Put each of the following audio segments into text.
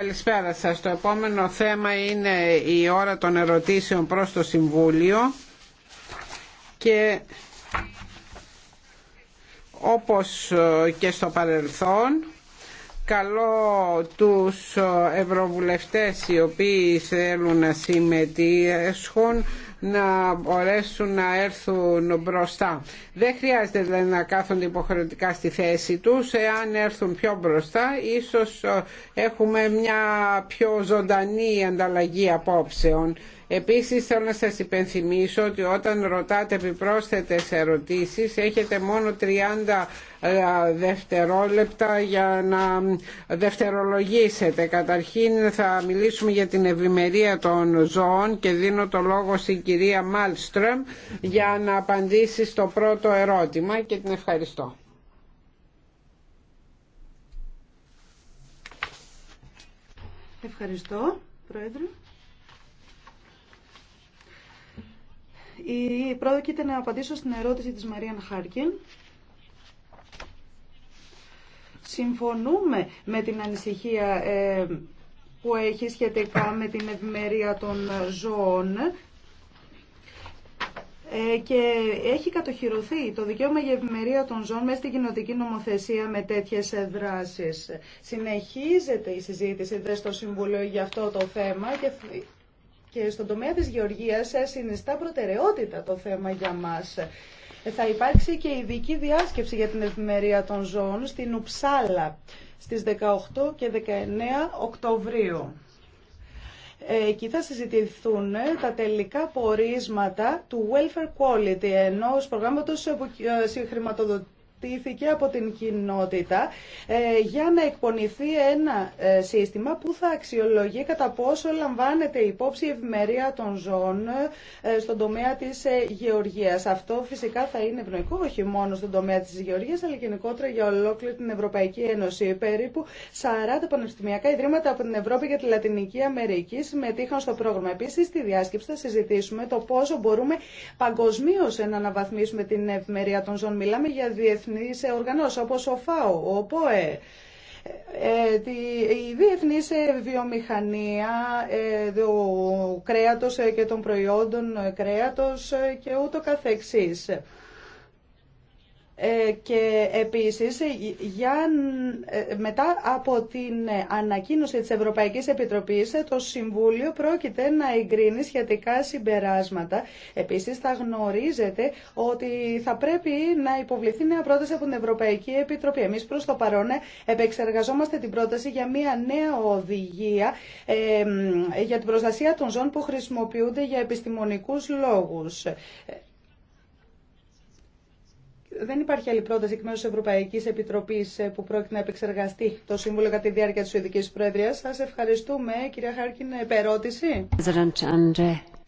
Καλησπέρα σας. Το επόμενο θέμα είναι η ώρα των ερωτήσεων προς το Συμβούλιο και όπως ε, και στο παρελθόν καλώ τους ε, ευρωβουλευτές οι οποίοι θέλουν να συμμετέχουν να μπορέσουν να έρθουν μπροστά. Δεν χρειάζεται δηλαδή να κάθονται υποχρεωτικά στη θέση τους. Εάν έρθουν πιο μπροστά ίσως ε, έχουμε μια πιο ζωντανή ανταλλαγή απόψεων. Επίσης θέλω να σας υπενθυμίσω ότι όταν ρωτάτε επιπρόσθετες ερωτήσεις έχετε μόνο 30 ε, δευτερόλεπτα για να δευτερολογήσετε. Καταρχήν θα μιλήσουμε για την ευημερία των ζώων και δίνω το λόγο στην κυρία Μάλστρεμ για να απαντήσει στο πρώτο ερώτημα και την ευχαριστώ. Ευχαριστώ, Πρόεδρε. Η πρόκειται να απαντήσω στην ερώτηση της Μαρίαν Χάρκιν. Συμφωνούμε με την ανησυχία ε, που έχει σχετικά με την ευημερία των ζώων ε, και έχει κατοχυρωθεί το δικαίωμα για ευημερία των ζώων μέσα στην κοινωτική νομοθεσία με τέτοιες δράσεις. Συνεχίζεται η συζήτηση δε στο Συμβουλίο για αυτό το θέμα και και στον τομέα της γεωργίας ε, συνιστά προτεραιότητα το θέμα για μας. Ε, θα υπάρξει και ειδική διάσκεψη για την ευημερία των ζώων στην Ουψάλα στις 18 και 19 Οκτωβρίου. Ε, εκεί θα συζητηθούν τα τελικά πορίσματα του Welfare Quality, ενός προγράμματος που ζητήθηκε από την κοινότητα ε, για να εκπονηθεί ένα ε, σύστημα που θα αξιολογεί κατά πόσο λαμβάνεται υπόψη η ευημερία των ζώων ε, στον τομέα της γεωργίας. Αυτό φυσικά θα είναι ευνοϊκό όχι μόνο στον τομέα της γεωργίας αλλά γενικότερα για ολόκληρη την Ευρωπαϊκή Ένωση. Περίπου 40 πανεπιστημιακά ιδρύματα από την Ευρώπη και τη Λατινική Αμερική συμμετείχαν στο πρόγραμμα. Επίση, στη διάσκεψη θα συζητήσουμε το πόσο μπορούμε παγκοσμίω να αναβαθμίσουμε την ευημερία των ζώων. Μιλάμε για διεθνή διεθνείς οργανώσεις όπως ο ΦΑΟ, ο ΠΟΕ, ε, η διεθνή βιομηχανία, ε, ο κρέατος ε, και των προϊόντων κρέατος και ούτω καθεξής. Ε, και επίσης για, ε, μετά από την ανακοίνωση της Ευρωπαϊκής Επιτροπής το Συμβούλιο πρόκειται να εγκρίνει σχετικά συμπεράσματα. Επίσης θα γνωρίζετε ότι θα πρέπει να υποβληθεί νέα πρόταση από την Ευρωπαϊκή Επιτροπή. Εμείς προς το παρόν ε, επεξεργαζόμαστε την πρόταση για μια νέα οδηγία για την προστασία των ζώων που χρησιμοποιούνται για επιστημονικούς λόγους δεν υπάρχει άλλη πρόταση εκ μέρου τη Ευρωπαϊκή Επιτροπή ε, που πρόκειται να επεξεργαστεί το Σύμβουλο κατά τη διάρκεια τη Σουηδική Προεδρία. Σα ευχαριστούμε, κυρία Χάρκιν. Επερώτηση.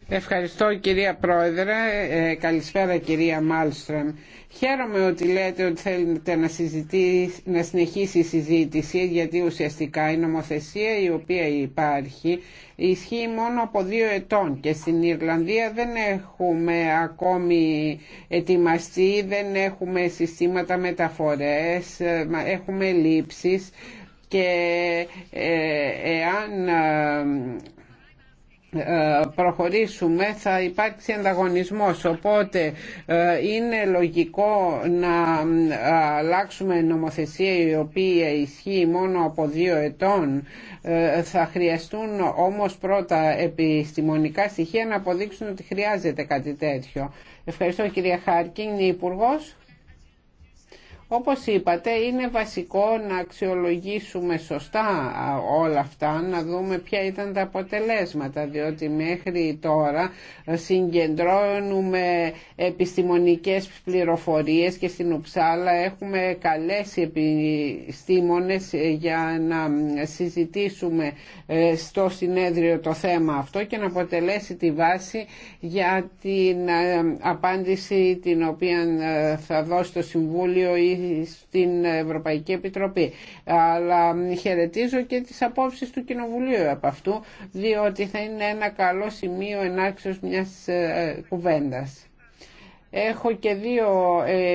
Ευχαριστώ κυρία Πρόεδρε. Ε, καλησπέρα κυρία Μάλστρεμ. Χαίρομαι ότι λέτε ότι θέλετε να, να συνεχίσει η συζήτηση γιατί ουσιαστικά η νομοθεσία η οποία υπάρχει ισχύει μόνο από δύο ετών και στην Ιρλανδία δεν έχουμε ακόμη ετοιμαστεί, δεν έχουμε συστήματα μεταφορές, ε, έχουμε λήψεις και ε, εάν ε, προχωρήσουμε θα υπάρξει ανταγωνισμός οπότε ε, είναι λογικό να αλλάξουμε νομοθεσία η οποία ισχύει μόνο από δύο ετών ε, θα χρειαστούν όμως πρώτα επιστημονικά στοιχεία να αποδείξουν ότι χρειάζεται κάτι τέτοιο. Ευχαριστώ κυρία Χάρκιν, Υπουργός. Όπως είπατε είναι βασικό να αξιολογήσουμε σωστά όλα αυτά, να δούμε ποια ήταν τα αποτελέσματα, διότι μέχρι τώρα ε, συγκεντρώνουμε επιστημονικές πληροφορίες και στην Ουψάλα έχουμε καλές επιστήμονες ε, για να συζητήσουμε ε, στο συνέδριο το θέμα αυτό και να αποτελέσει τη βάση για την απάντηση την οποία θα δώσει το Συμβούλιο στην Ευρωπαϊκή Επιτροπή. Αλλά χαιρετίζω και τις απόψεις του Κοινοβουλίου από αυτού, διότι θα είναι ένα καλό σημείο ενάρξεως μιας ε, κουβέντας. Έχω και δύο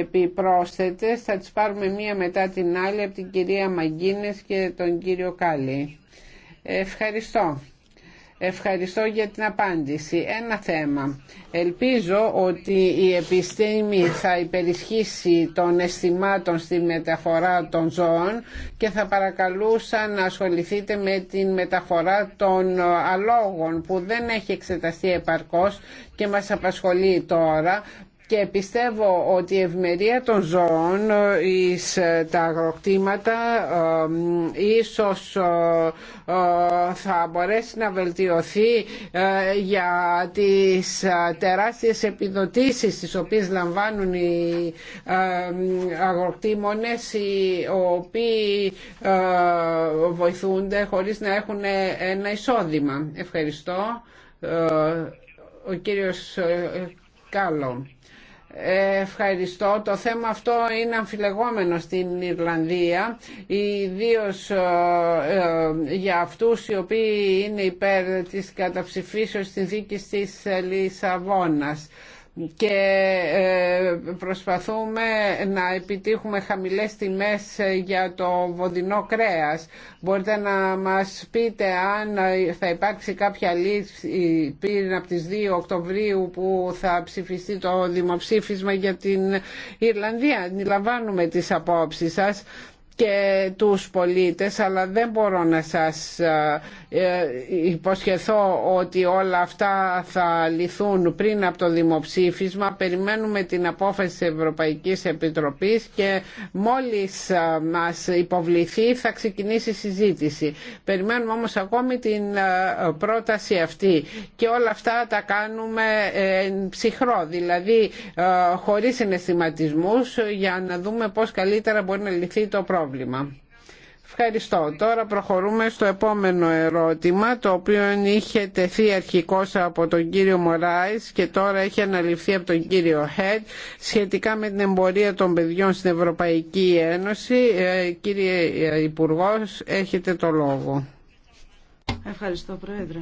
επιπρόσθετες, θα τις πάρουμε μία μετά την άλλη από την κυρία Μαγκίνες και τον κύριο Κάλλη. Ευχαριστώ. Ευχαριστώ για την απάντηση. Ένα θέμα. Ελπίζω ότι η επιστήμη θα υπερισχύσει των αισθημάτων στη μεταφορά των ζώων και θα παρακαλούσα να ασχοληθείτε με την μεταφορά των αλόγων που δεν έχει εξεταστεί επαρκώς και μας απασχολεί τώρα και πιστεύω ότι η ευμερία των ζώων εις τα αγροκτήματα ίσως ε, ε, θα μπορέσει να βελτιωθεί ε, για τις τεράστιες επιδοτήσεις τις οποίες λαμβάνουν οι αγροκτήμονες οι οποίοι βοηθούνται χωρίς να έχουν ένα εισόδημα. Ευχαριστώ. Ο κύριος Κάλλο. Ευχαριστώ. Το θέμα αυτό είναι αμφιλεγόμενο στην Ιρλανδία, ιδίω ε, ε, για αυτού οι οποίοι είναι υπέρ τη καταψηφίσεω της δίκη της Λισαβόνα και ε, προσπαθούμε να επιτύχουμε χαμηλές τιμές ε, για το βοδινό κρέας. Μπορείτε να μας πείτε αν ε, θα υπάρξει κάποια λύση πριν από τις 2 Οκτωβρίου που θα ψηφιστεί το δημοψήφισμα για την Ιρλανδία. Αντιλαμβάνουμε τις απόψεις σας και τους πολίτες αλλά δεν μπορώ να σας ε, ε, υποσχεθώ ότι όλα αυτά θα λυθούν πριν από το δημοψήφισμα περιμένουμε την απόφαση της Ευρωπαϊκής Επιτροπής και μόλις ε, μας υποβληθεί θα ξεκινήσει η συζήτηση περιμένουμε όμως ακόμη την πρόταση αυτή και όλα αυτά τα κάνουμε ψυχρό δηλαδή χωρίς συναισθηματισμούς για να δούμε πώς καλύτερα μπορεί να λυθεί το πρόβλημα πρόβλημα. Ευχαριστώ. Τώρα προχωρούμε στο επόμενο ερώτημα, το οποίο είχε τεθεί αρχικώς από τον κύριο Μωράης και τώρα έχει αναλυφθεί από τον κύριο Χέτ σχετικά με την εμπορία των παιδιών στην Ευρωπαϊκή Ένωση. Ε, κύριε Υπουργός, έχετε το λόγο. Ευχαριστώ, Πρόεδρε.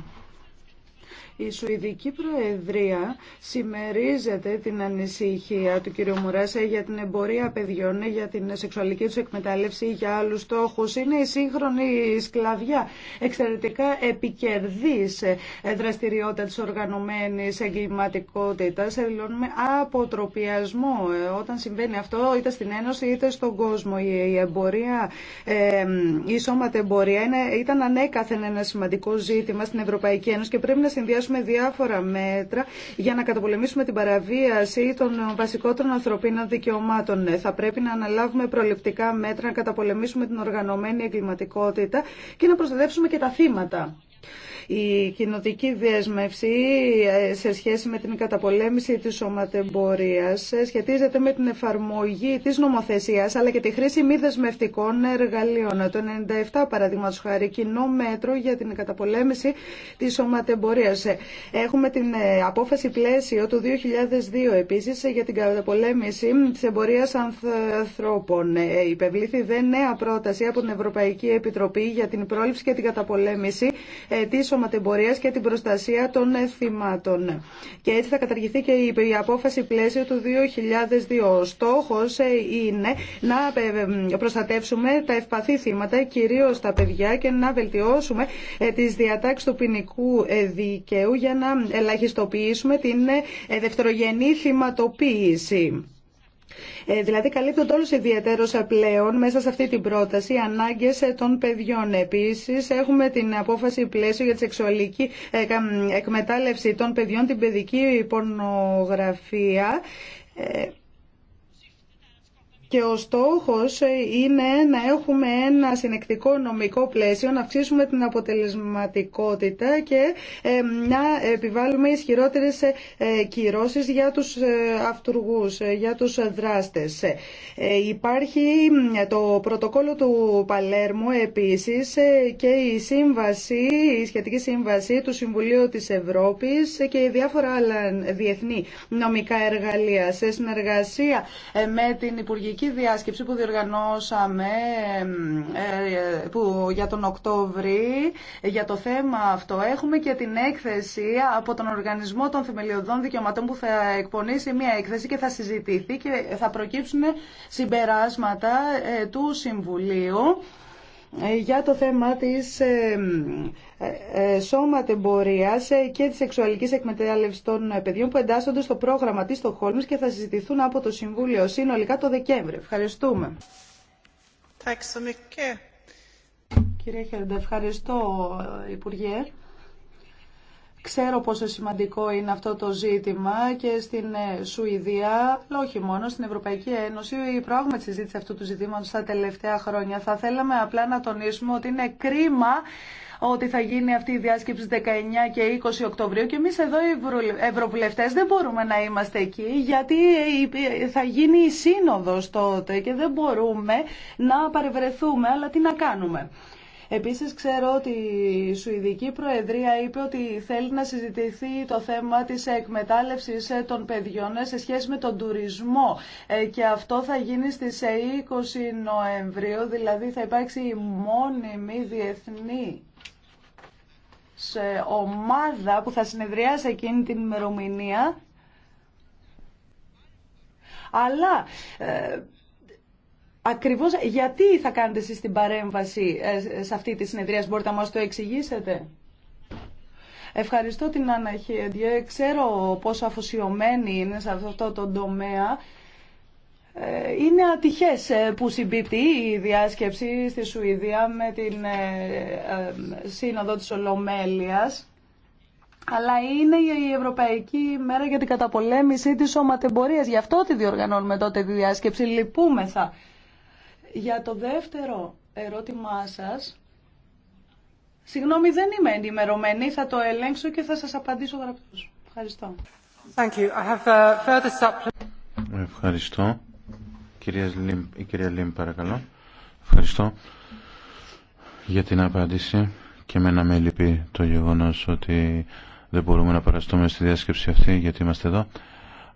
Η Σουηδική Προεδρία συμμερίζεται την ανησυχία του κ. Μουράσα για την εμπορία παιδιών, για την σεξουαλική του εκμετάλλευση ή για άλλου στόχου. Είναι η σύγχρονη σκλαβιά. Εξαιρετικά επικερδή δραστηριότητα τη οργανωμένη εγκληματικότητα. Δηλώνουμε αποτροπιασμό όταν συμβαίνει αυτό είτε στην Ένωση είτε στον κόσμο. Η εμπορία, η σώματα εμπορία είναι, ήταν ανέκαθεν ένα σημαντικό ζήτημα στην Ευρωπαϊκή ηταν ανεκαθεν ενα σημαντικο ζητημα στην ευρωπαικη ενωση και πρέπει να συνδυάσουμε δώσουμε διάφορα μέτρα για να καταπολεμήσουμε την παραβίαση των βασικότερων ανθρωπίνων δικαιωμάτων. Ναι, θα πρέπει να αναλάβουμε προληπτικά μέτρα, να καταπολεμήσουμε την οργανωμένη εγκληματικότητα και να προστατεύσουμε και τα θύματα. Η κοινοτική διέσμευση ε, σε σχέση με την καταπολέμηση της σωματεμπορίας ε, σχετίζεται με την εφαρμογή της νομοθεσίας αλλά και τη χρήση μη δεσμευτικών εργαλείων. Το 97 παραδείγματος χάρη κοινό μέτρο για την καταπολέμηση της σωματεμπορίας. Ε, έχουμε την απόφαση πλαίσιο του 2002 επίσης για την καταπολέμηση της εμπορίας ανθρώπων. Υπευλήθη δε νέα πρόταση από την Ευρωπαϊκή Επιτροπή για την πρόληψη και την καταπολέμηση της και την προστασία των θυμάτων. Και έτσι θα καταργηθεί και η απόφαση πλαίσιο του 2002. Ο στόχο ε, είναι να ε, ε, προστατεύσουμε τα ευπαθή θύματα, κυρίω τα παιδιά και να βελτιώσουμε τις διατάξεις του ποινικού δικαίου για να ελαχιστοποιήσουμε την δευτερογενή θυματοποίηση. Ε, δηλαδή καλύπτονται όλους ιδιαίτερως ε, πλέον μέσα σε αυτή την πρόταση ανάγκες ε, των παιδιών. Επίσης έχουμε την απόφαση πλαίσιο για τη σεξουαλική εκμετάλλευση των παιδιών, την παιδική πορνογραφία και ο στόχος είναι να έχουμε ένα συνεκτικό νομικό πλαίσιο, να αυξήσουμε την αποτελεσματικότητα και ε, να επιβάλλουμε ισχυρότερες ε, κυρώσεις για τους ε, αυτούργους, για τους δράστες. Υπάρχει το πρωτοκόλλο του Παλέρμου επίσης και η σύμβαση, η σχετική σύμβαση του Συμβουλίου της Ευρώπης και διάφορα άλλα διεθνή νομικά εργαλεία σε συνεργασία με την Υπουργική ειδική διάσκεψη που διοργανώσαμε ε, που, για τον Οκτώβρη για το θέμα αυτό. Έχουμε και την έκθεση από τον Οργανισμό των Θεμελιωδών Δικαιωματών που θα εκπονήσει μια έκθεση και θα συζητηθεί και θα προκύψουν συμπεράσματα ε, του Συμβουλίου για το θέμα της ε, ε, ε, σώματεμπορίας και της σεξουαλικής εκμετάλλευσης των παιδιών που εντάσσονται στο πρόγραμμα της Στοχόλμης και θα συζητηθούν από το Συμβούλιο συνολικά το Δεκέμβριο. Ευχαριστούμε. Κύριε Χέρντα, ευχαριστώ Υπουργέ. Ξέρω πόσο σημαντικό είναι αυτό το ζήτημα και στην ε, Σουηδία, αλλά όχι μόνο, στην Ευρωπαϊκή Ένωση, η τη συζήτηση αυτού του ζητήματος τα τελευταία χρόνια. Θα θέλαμε απλά να τονίσουμε ότι είναι κρίμα ότι θα γίνει αυτή η διάσκεψη 19 και 20 Οκτωβρίου και εμείς εδώ οι ευρωβουλευτές δεν μπορούμε να είμαστε εκεί γιατί ε, ε, θα γίνει η σύνοδος τότε και δεν μπορούμε να παρευρεθούμε, αλλά τι να κάνουμε. Επίσης ξέρω ότι η Σουηδική Προεδρία είπε ότι θέλει να συζητηθεί το θέμα της εκμετάλλευσης των παιδιών σε σχέση με τον τουρισμό ε, και αυτό θα γίνει στις 20 Νοεμβρίου, δηλαδή θα υπάρξει η μόνιμη διεθνή σε ομάδα που θα συνεδριάσει εκείνη την ημερομηνία αλλά ε, ακριβώς γιατί θα κάνετε εσείς την παρέμβαση ε, σε αυτή τη συνεδρία. Μπορείτε να μας το εξηγήσετε. Ευχαριστώ την Άννα Ξέρω πόσο αφοσιωμένη είναι σε αυτό το τομέα. Ε, είναι ατυχές ε, που συμπίπτει η διάσκεψη στη Σουηδία με την Σύνοδο της Ολομέλειας. Αλλά είναι η Ευρωπαϊκή Μέρα για την καταπολέμηση της σωματεμπορίας. Γι' αυτό τη διοργανώνουμε τότε τη διάσκεψη. Λυπούμεθα για το δεύτερο ερώτημά σας, συγγνώμη δεν είμαι ενημερωμένη, θα το ελέγξω και θα σας απαντήσω γραπτός. Ευχαριστώ. Thank you. I have uh, further... Ευχαριστώ. Κυρία Λίμ, η κυρία Λίμ παρακαλώ. Ευχαριστώ για την απάντηση και εμένα με λυπεί το γεγονός ότι δεν μπορούμε να παραστούμε στη διάσκεψη αυτή γιατί είμαστε εδώ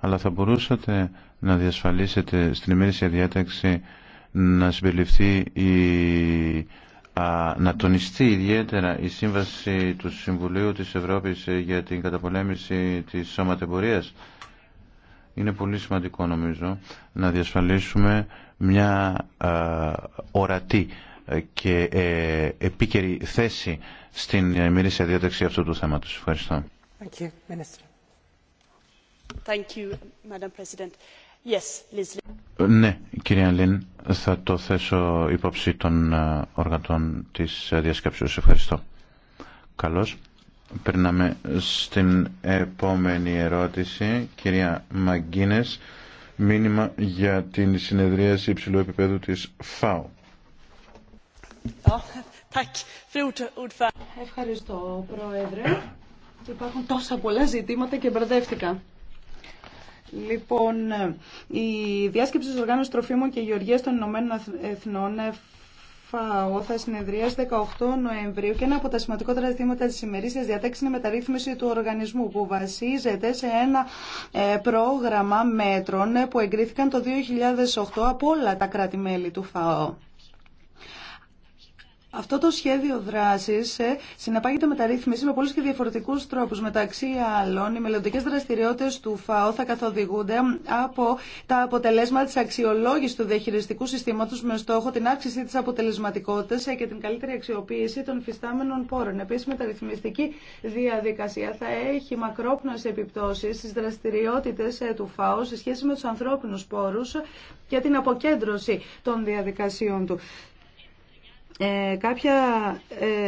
αλλά θα μπορούσατε να διασφαλίσετε στην ημερήσια διάταξη να συμπεριληφθεί η να τονιστεί ιδιαίτερα η σύμβαση του Συμβουλίου της Ευρώπης για την καταπολέμηση της σωματεμπορίας. Είναι πολύ σημαντικό νομίζω να διασφαλίσουμε μια ορατή ε, και ε, επίκαιρη θέση στην μυρίσια διάταξη αυτού του θέματος. Ευχαριστώ ναι, κυρία Λίν, θα το θέσω υπόψη των ε, οργανών της ε, διασκέψεως. Ευχαριστώ. Καλώς. Περνάμε στην επόμενη ερώτηση. Κυρία Μαγκίνες, μήνυμα για την συνεδρίαση υψηλού επίπεδου της ΦΑΟ. Ευχαριστώ, Πρόεδρε. Υπάρχουν τόσα πολλά ζητήματα και μπερδεύτηκα. Λοιπόν, η διάσκεψη της Οργάνωσης Τροφίμων και Γεωργίας των Ηνωμένων Εθνών ΦΑΟ θα συνεδριάσει 18 Νοεμβρίου και ένα από τα σημαντικότερα ζητήματα τη ημερήσιας είναι μεταρρύθμιση του οργανισμού που βασίζεται σε ένα ε, πρόγραμμα μέτρων ε, που εγκρίθηκαν το 2008 από όλα τα κράτη-μέλη του ΦΑΟ. Αυτό το σχέδιο δράση ε, συνεπάγεται μεταρρύθμιση με πολλού και διαφορετικού τρόπου. Μεταξύ άλλων, οι μελλοντικέ δραστηριότητε του ΦΑΟ θα καθοδηγούνται από τα αποτελέσματα τη αξιολόγηση του διαχειριστικού συστήματο με στόχο την αύξηση τη αποτελεσματικότητα ε, και την καλύτερη αξιοποίηση των φυστάμενων πόρων. Επίση, τα μεταρρυθμιστική διαδικασία θα έχει μακρόπνοε επιπτώσει στι δραστηριότητε ε, του ΦΑΟ σε σχέση με του ανθρώπινου πόρου και την αποκέντρωση των διαδικασιών του. Ε, κάποια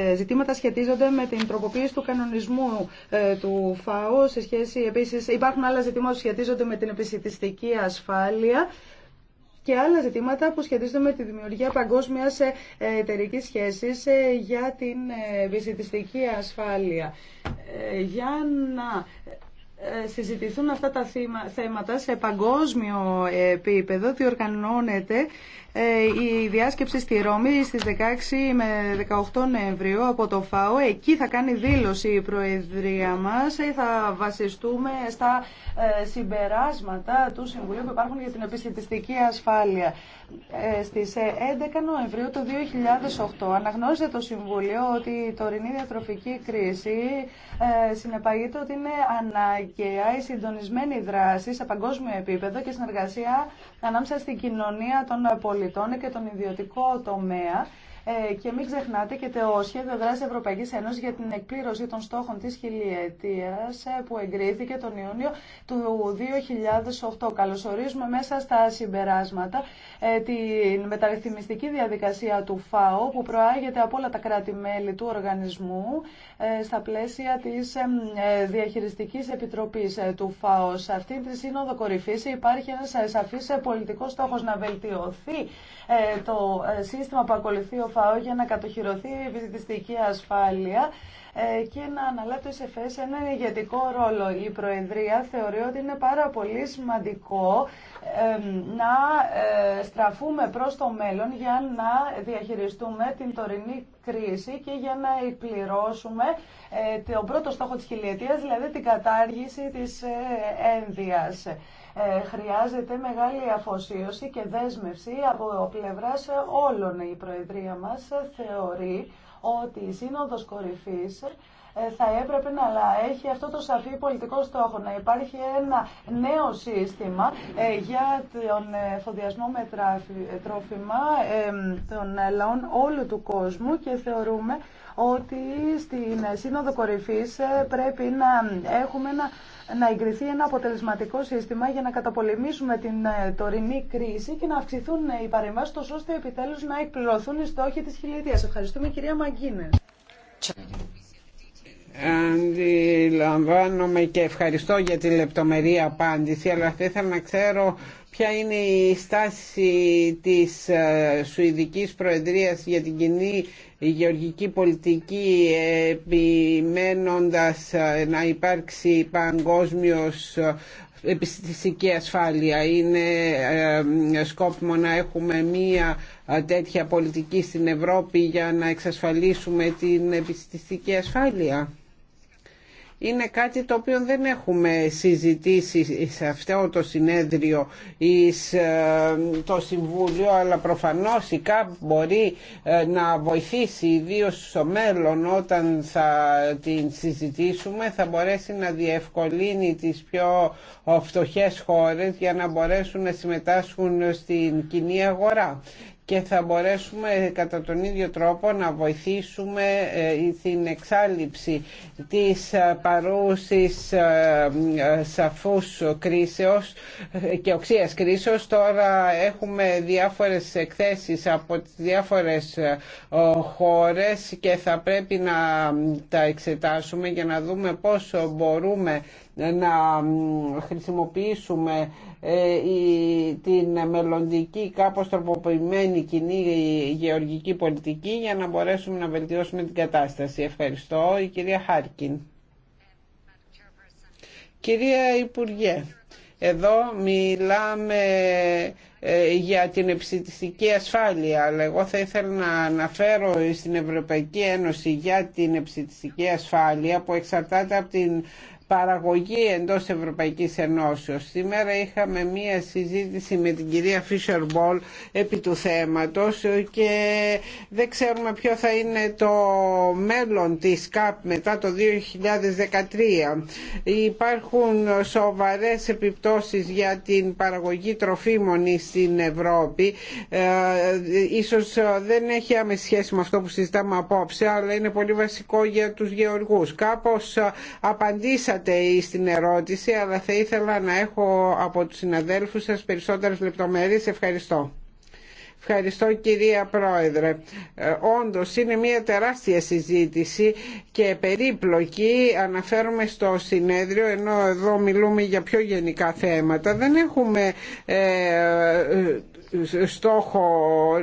ε, ζητήματα σχετίζονται με την τροποποίηση του κανονισμού ε, του ΦΑΟ σε σχέση επίσης υπάρχουν άλλα ζητήματα που σχετίζονται με την επισητιστική ασφάλεια και άλλα ζητήματα που σχετίζονται με τη δημιουργία παγκόσμιας ε, εταιρική σχέσης ε, για την επισητιστική ασφάλεια. Για να συζητηθούν αυτά τα θέματα σε παγκόσμιο επίπεδο διοργανώνεται ε, η διάσκεψη στη Ρώμη στις 16 με 18 Νοεμβρίου από το ΦΑΟ. Εκεί θα κάνει δήλωση η Προεδρία μας. Ε, θα βασιστούμε στα ε, συμπεράσματα του Συμβουλίου που υπάρχουν για την επιστημιστική ασφάλεια. Στις 11 Νοεμβρίου του 2008 αναγνώρισε το Συμβούλιο ότι η τωρινή διατροφική κρίση συνεπαγείται ότι είναι αναγκαία η συντονισμένη δράση σε παγκόσμιο επίπεδο και συνεργασία ανάμεσα στην κοινωνία των πολιτών πολιτών και τον ιδιωτικό τομέα ε, και μην ξεχνάτε και το σχέδιο δράση Ευρωπαϊκή Ένωση για την εκπλήρωση των στόχων τη χιλιετία ε, που εγκρίθηκε τον Ιούνιο του 2008. Καλωσορίζουμε μέσα στα συμπεράσματα ε, την μεταρρυθμιστική διαδικασία του ΦΑΟ που προάγεται από όλα τα κράτη-μέλη του οργανισμού στα πλαίσια τη διαχειριστική επιτροπή του ΦΑΟ. Σε αυτή τη σύνοδο κορυφή υπάρχει ένα σαφή πολιτικό στόχο να βελτιωθεί το σύστημα που ακολουθεί ο ΦΑΟ για να κατοχυρωθεί η επιστημιστική ασφάλεια ε, και να αναλάβει το SFS ένα ηγετικό ρόλο. Η Προεδρία θεωρεί ότι είναι πάρα πολύ σημαντικό να ε, στραφούμε προς το μέλλον για να διαχειριστούμε την τωρινή κρίση και για να εκπληρώσουμε ε, τον πρώτο στόχο της χιλιετίας, δηλαδή την κατάργηση της ένδυας. Ε, χρειάζεται μεγάλη αφοσίωση και δέσμευση από σε όλων. Η Προεδρία μας θεωρεί ότι η Σύνοδος Κορυφής ε, θα έπρεπε να έχει αυτό το σαφή πολιτικό στόχο, να υπάρχει ένα νέο σύστημα ε, για τον ε, εφοδιασμό με τρόφιμα των λαών όλου του κόσμου και θεωρούμε ότι στην Σύνοδο Κορυφής πρέπει να έχουμε να εγκριθεί ένα αποτελεσματικό σύστημα για να καταπολεμήσουμε την τωρινή κρίση και να αυξηθούν οι παρεμβάσει, ώστε επιτέλου να εκπληρωθούν οι στόχοι τη χιλιετία. Ευχαριστούμε, κυρία Μαγκίνε. Αντιλαμβάνομαι και ευχαριστώ για τη λεπτομερή απάντηση, αλλά θα ήθελα να ξέρω ποια είναι η στάση της ε, Σουηδικής Προεδρίας για την κοινή γεωργική πολιτική επιμένοντας ε, να υπάρξει παγκόσμιος ε, επιστησική ασφάλεια. Είναι σκόπιμο να έχουμε μία τέτοια πολιτική στην Ευρώπη για να εξασφαλίσουμε την επιστημική ασφάλεια είναι κάτι το οποίο δεν έχουμε συζητήσει σε αυτό το συνέδριο ή ε, το Συμβούλιο αλλά προφανώς η ΚΑΠ μπορεί ε, να βοηθήσει ιδίω στο μέλλον όταν θα την συζητήσουμε θα μπορέσει να διευκολύνει τις πιο ε, φτωχές χώρες για να μπορέσουν να συμμετάσχουν στην κοινή αγορά και θα μπορέσουμε κατά τον ίδιο τρόπο να βοηθήσουμε ε, την εξάλληψη της ε, παρούσης ε, σαφούς κρίσεως και οξίας κρίσεως. Τώρα έχουμε διάφορες εκθέσεις από τις διάφορες χώρες και θα πρέπει να τα εξετάσουμε για να δούμε πόσο μπορούμε να χρησιμοποιήσουμε ε, την μελλοντική κάπως τροποποιημένη κοινή γεωργική πολιτική για να μπορέσουμε να βελτιώσουμε την κατάσταση. Ευχαριστώ. Η κυρία Χάρκιν. Κυρία Υπουργέ, εδώ μιλάμε ε, για την επιστημιστική ασφάλεια αλλά εγώ θα ήθελα να αναφέρω στην Ευρωπαϊκή Ένωση για την επιστημιστική ασφάλεια που εξαρτάται από την παραγωγή εντός Ευρωπαϊκής Ενώσεως. Σήμερα είχαμε μία συζήτηση με την κυρία Φίσερ Μπολ επί του θέματος και δεν ξέρουμε ποιο θα είναι το μέλλον της ΚΑΠ μετά το 2013. Υπάρχουν σοβαρές επιπτώσεις για την παραγωγή τροφίμων στην Ευρώπη. Ε, ίσως δεν έχει άμεση σχέση με αυτό που συζητάμε απόψε, αλλά είναι πολύ βασικό για τους γεωργούς. Κάπως απαντήσατε απαντήσατε στην ερώτηση, αλλά θα ήθελα να έχω από τους συναδέλφους σας περισσότερες λεπτομέρειες. Ευχαριστώ. Ευχαριστώ κυρία Πρόεδρε. Ε, όντως είναι μια τεράστια συζήτηση και περίπλοκη αναφέρουμε στο συνέδριο ενώ εδώ μιλούμε για πιο γενικά θέματα. Δεν έχουμε ε, στόχο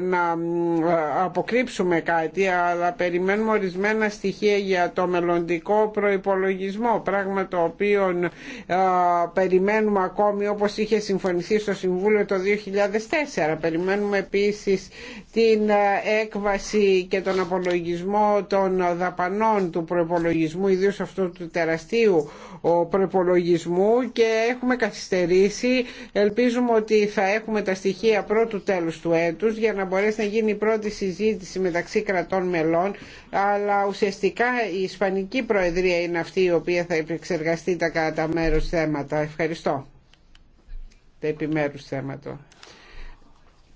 να ε, αποκρύψουμε κάτι αλλά περιμένουμε ορισμένα στοιχεία για το μελλοντικό προϋπολογισμό πράγμα το οποίο ε, περιμένουμε ακόμη όπως είχε συμφωνηθεί στο Συμβούλιο το 2004 περιμένουμε επίσης την ε, έκβαση και τον απολογισμό των δαπανών του προϋπολογισμού ιδίως αυτού του τεραστίου προϋπολογισμού και έχουμε καθυστερήσει ελπίζουμε ότι θα έχουμε τα στοιχεία πρώτου τέλους του έτους για να μπορέσει να γίνει η πρώτη συζήτηση μεταξύ κρατών μελών αλλά ουσιαστικά η Ισπανική Προεδρία είναι αυτή η οποία θα επεξεργαστεί τα κατά μέρους θέματα. Ευχαριστώ. Τα επιμέρους θέματα.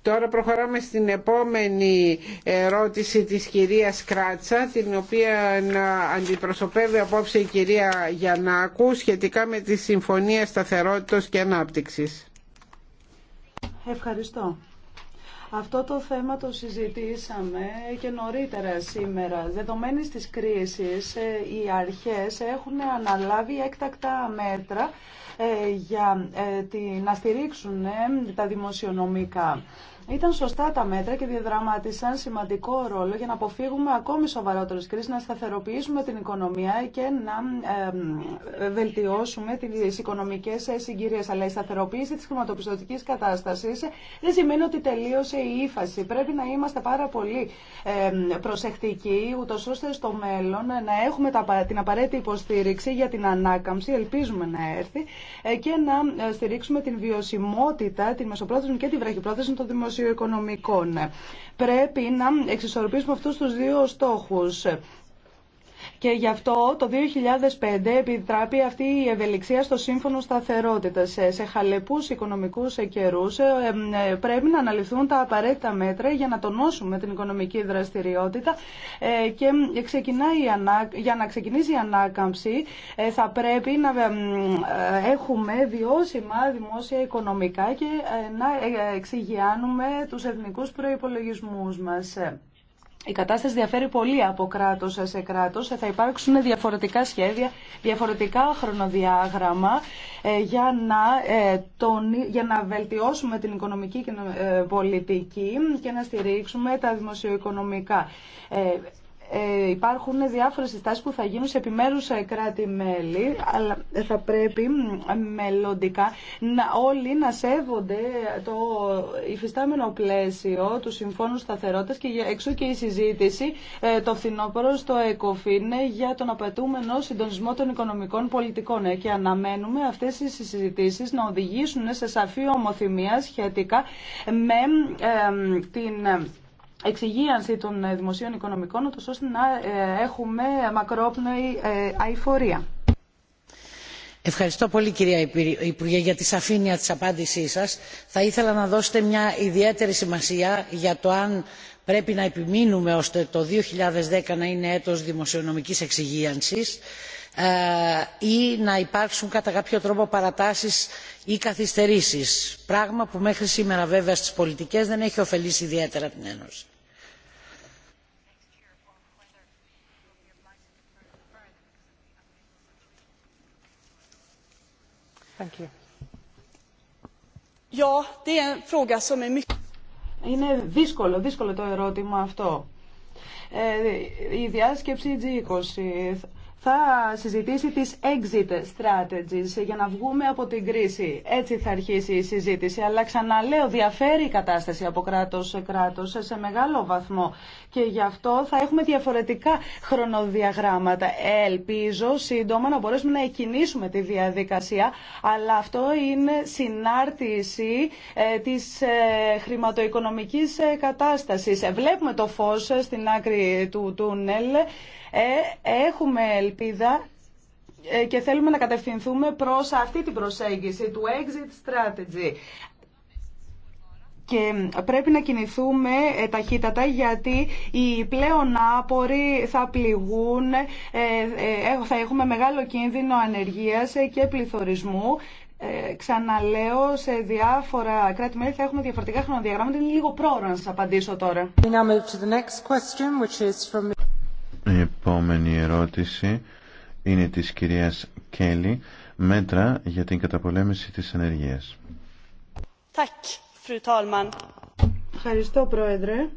Τώρα προχωράμε στην επόμενη ερώτηση της κυρίας Κράτσα, την οποία αντιπροσωπεύει απόψε η κυρία Γιαννάκου σχετικά με τη Συμφωνία Σταθερότητας και Ανάπτυξης. Ευχαριστώ. Αυτό το θέμα το συζητήσαμε και νωρίτερα σήμερα. Δεδομένης της κρίσης, ε, οι αρχές έχουν αναλάβει έκτακτα μέτρα ε, για ε, να στηρίξουν τα δημοσιονομικά. Ήταν σωστά τα μέτρα και διαδραματίσαν σημαντικό ρόλο για να αποφύγουμε ακόμη σοβαρότερε κρίσει, να σταθεροποιήσουμε την οικονομία και να βελτιώσουμε τι οικονομικέ συγκυρίε. Αλλά η σταθεροποίηση τη χρηματοπιστωτική κατάσταση δεν σημαίνει ότι τελείωσε η ύφαση. Πρέπει να είμαστε πάρα πολύ προσεκτικοί, ούτω ώστε στο μέλλον να έχουμε την απαραίτητη υποστήριξη για την ανάκαμψη, ελπίζουμε να έρθει, ε, και να ε, στηρίξουμε την βιωσιμότητα, την μεσοπρόθεσμη και την βραχυπρόθεσμη των δημοσίων Σοσιοοικονομικών. Πρέπει να εξισορροπήσουμε αυτούς τους δύο στόχους. Και γι' αυτό το 2005 επιτράπει αυτή η ευελιξία στο Σύμφωνο Σταθερότητα. Σε χαλεπού οικονομικού καιρού ε, ε, πρέπει να αναλυθούν τα απαραίτητα μέτρα για να τονώσουμε την οικονομική δραστηριότητα ε, και για να ξεκινήσει η ανάκαμψη θα πρέπει να έχουμε βιώσιμα δημόσια οικονομικά και να εξηγιάνουμε τους εθνικούς προϋπολογισμούς μας. Η κατάσταση διαφέρει πολύ από κράτο σε κράτο. Θα υπάρξουν διαφορετικά σχέδια, διαφορετικά χρονοδιάγραμμα ε, για να, ε, τον, για να βελτιώσουμε την οικονομική ε, πολιτική και να στηρίξουμε τα δημοσιοοικονομικά. Ε, υπάρχουν διάφορες συστάσεις που θα γίνουν σε επιμέρους ε, κράτη-μέλη, αλλά θα πρέπει μελλοντικά να, όλοι να σέβονται το υφιστάμενο πλαίσιο του Συμφώνου Σταθερότητας και εξού και η συζήτηση ε, το φθινόπωρο στο ΕΚΟΦΗΝ για τον απαιτούμενο συντονισμό των οικονομικών πολιτικών. και αναμένουμε αυτές οι συζητήσεις να οδηγήσουν σε σαφή ομοθυμία σχετικά με την εξυγίανση των ε, δημοσίων οικονομικών, ώστε να ε, έχουμε μακρόπνοη ε, αηφορία. Ευχαριστώ πολύ κυρία Υπουργέ για τη σαφήνεια της απάντησής σας. Θα ήθελα να δώσετε μια ιδιαίτερη σημασία για το αν πρέπει να επιμείνουμε ώστε το 2010 να είναι έτος δημοσιονομικής εξυγίανσης ή να υπάρξουν κατά κάποιο τρόπο παρατάσεις ή καθυστερήσεις. Πράγμα που μέχρι σήμερα βέβαια στις πολιτικές δεν έχει ωφελήσει ιδιαίτερα την Ένωση Είναι δύσκολο, δύσκολο το ερώτημα αυτό. Ε, η διάσκεψη G20 θα συζητήσει τις exit strategies για να βγούμε από την κρίση. Έτσι θα αρχίσει η συζήτηση. Αλλά ξαναλέω, διαφέρει η κατάσταση από κράτος σε κράτος σε μεγάλο βαθμό. Και γι' αυτό θα έχουμε διαφορετικά χρονοδιαγράμματα. Ελπίζω σύντομα να μπορέσουμε να εκινήσουμε τη διαδικασία. Αλλά αυτό είναι συνάρτηση ε, της ε, χρηματοοικονομικής ε, κατάστασης. Βλέπουμε το φως στην άκρη του τούνελ. Ε, έχουμε ελπίδα ε, και θέλουμε να κατευθυνθούμε προς αυτή την προσέγγιση του exit strategy. Και πρέπει να κινηθούμε ε, ταχύτατα γιατί οι πλέον άποροι θα πληγούν, θα έχουμε μεγάλο κίνδυνο ανεργίας και πληθωρισμού. Ξαναλέω, σε διάφορα κράτη-μέλη θα έχουμε διαφορετικά χρονοδιαγράμματα. Είναι λίγο πρόωρο να σας απαντήσω τώρα. Η επόμενη ερώτηση είναι της κυρίας Κέλλη. Μέτρα για την καταπολέμηση της ενεργείας. Ευχαριστώ, Πρόεδρε.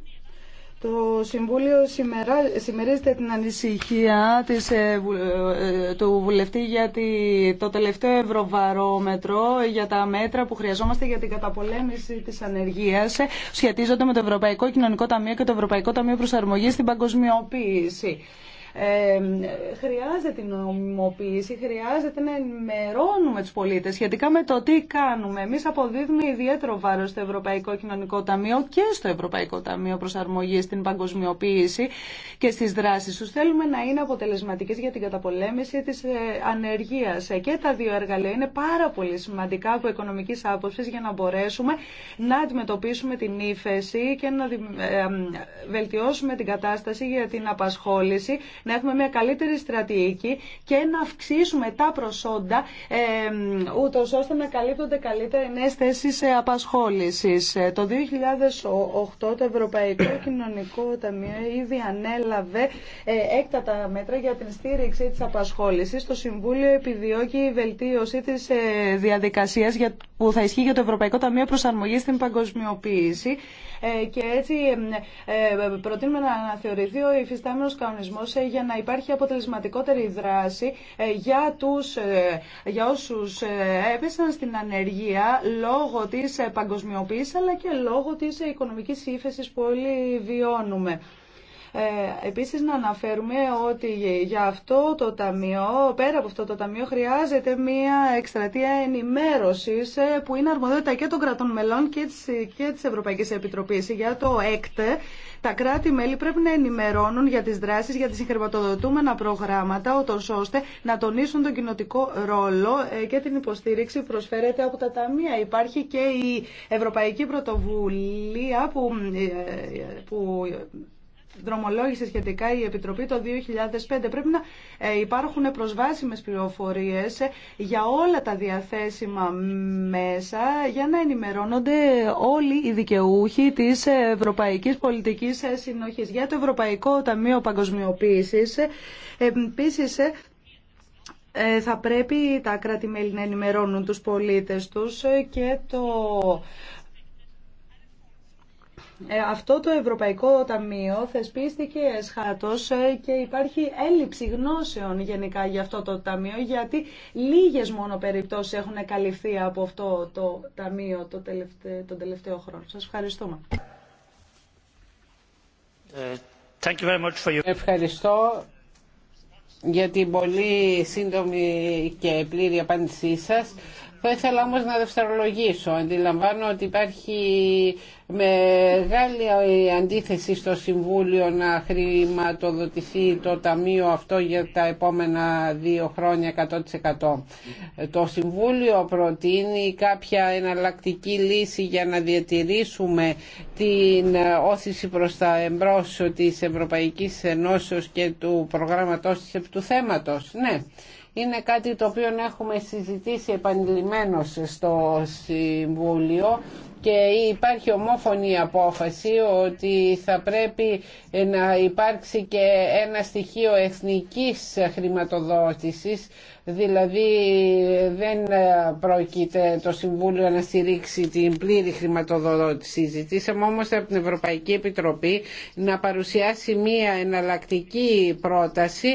Το Συμβούλιο σημερίζεται την ανησυχία της, ε, ε, ε, του βουλευτή για το τελευταίο ευρωβαρόμετρο για τα μέτρα που χρειαζόμαστε για την καταπολέμηση της ανεργίας σχετίζονται με το Ευρωπαϊκό Κοινωνικό Ταμείο και το Ευρωπαϊκό Ταμείο Προσαρμογής στην Παγκοσμιοποίηση χρειάζεται την νομιμοποίηση, χρειάζεται να ενημερώνουμε τους πολίτες σχετικά με το τι κάνουμε. Εμείς αποδίδουμε ιδιαίτερο βάρος στο Ευρωπαϊκό Κοινωνικό Ταμείο και στο Ευρωπαϊκό Ταμείο Προσαρμογής στην παγκοσμιοποίηση και στις δράσεις του. Θέλουμε να είναι αποτελεσματικές για την καταπολέμηση της ε, ανεργίας. Ε, και τα δύο εργαλεία είναι πάρα πολύ σημαντικά από οικονομική άποψη για να μπορέσουμε να αντιμετωπίσουμε την ύφεση και να ε, βελτιώσουμε την κατάσταση για την απασχόληση, να έχουμε μια καλύτερη στρατηγική και να αυξήσουμε τα προσόντα, ούτω ώστε να καλύπτονται καλύτερα οι νέε θέσει ε, απασχόληση. Ε, το 2008 το Ευρωπαϊκό Κοινωνικό Ταμείο ήδη ανέλαβε ε, έκτατα μέτρα για την στήριξη τη απασχόληση. Το Συμβούλιο επιδιώκει η βελτίωση τη διαδικασία που θα ισχύει για το Ευρωπαϊκό Ταμείο Προσαρμογή στην Παγκοσμιοποίηση. Ε, και έτσι ε, προτείνουμε να αναθεωρηθεί ο υφιστάμενος κανονισμός ε, για να υπάρχει αποτελεσματικότερη δράση για, τους, για όσους έπεσαν στην ανεργία λόγω της παγκοσμιοποίησης αλλά και λόγω της οικονομικής ύφεσης που όλοι βιώνουμε. Ε, επίσης να αναφέρουμε ότι για αυτό το ταμείο, πέρα από αυτό το ταμείο, χρειάζεται μια εκστρατεία ενημέρωσης ε, που είναι αρμοδιότητα και των κρατών μελών και της, και της Ευρωπαϊκής Επιτροπής για το έκτε, Τα κράτη-μέλη πρέπει να ενημερώνουν για τις δράσεις, για τις συγχρηματοδοτούμενα προγράμματα, ώστε να τονίσουν τον κοινοτικό ρόλο ε, και την υποστήριξη που προσφέρεται από τα ταμεία. Υπάρχει και η Ευρωπαϊκή Πρωτοβουλία που, που δρομολόγησε σχετικά η Επιτροπή το 2005. Πρέπει να ε, υπάρχουν προσβάσιμες πληροφορίες ε, για όλα τα διαθέσιμα μέσα για να ενημερώνονται όλοι οι δικαιούχοι της Ευρωπαϊκής Πολιτικής ε, Συνοχής. Για το Ευρωπαϊκό Ταμείο Παγκοσμιοποίησης, επίσης θα πρέπει τα κράτη-μέλη να ενημερώνουν τους πολίτες τους και το ε, αυτό το Ευρωπαϊκό Ταμείο θεσπίστηκε εσχάτως ε, και υπάρχει έλλειψη γνώσεων γενικά για αυτό το Ταμείο γιατί λίγες μόνο περιπτώσεις έχουν καλυφθεί από αυτό το Ταμείο το τελευταίο, τον τελευταίο χρόνο. Σας ευχαριστούμε. Ε, Ευχαριστώ για την πολύ σύντομη και πλήρη απάντησή σας. Θα ήθελα όμως να δευτερολογήσω. Αντιλαμβάνω ότι υπάρχει μεγάλη αντίθεση στο Συμβούλιο να χρηματοδοτηθεί το Ταμείο αυτό για τα επόμενα δύο χρόνια 100%. Το Συμβούλιο προτείνει κάποια εναλλακτική λύση για να διατηρήσουμε την όθηση προς τα εμπρός της Ευρωπαϊκής Ενώσεως και του προγράμματος του θέματος. Ναι, είναι κάτι το οποίο έχουμε συζητήσει επανειλημμένως στο Συμβούλιο και υπάρχει ομόφωνη απόφαση ότι θα πρέπει να υπάρξει και ένα στοιχείο εθνικής χρηματοδότησης δηλαδή δεν πρόκειται το Συμβούλιο να στηρίξει την πλήρη χρηματοδότηση. Ζητήσαμε όμως από την Ευρωπαϊκή Επιτροπή να παρουσιάσει μία εναλλακτική πρόταση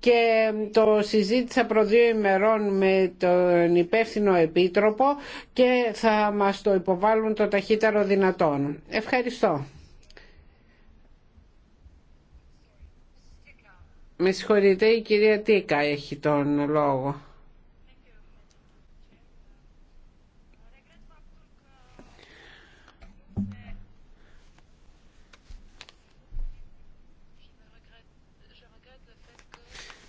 και το συζήτησα προ δύο ημερών με τον υπεύθυνο επίτροπο και θα μας το υποβάλουν το ταχύτερο δυνατόν. Ευχαριστώ. Με συγχωρείτε, η κυρία Τίκα έχει τον λόγο.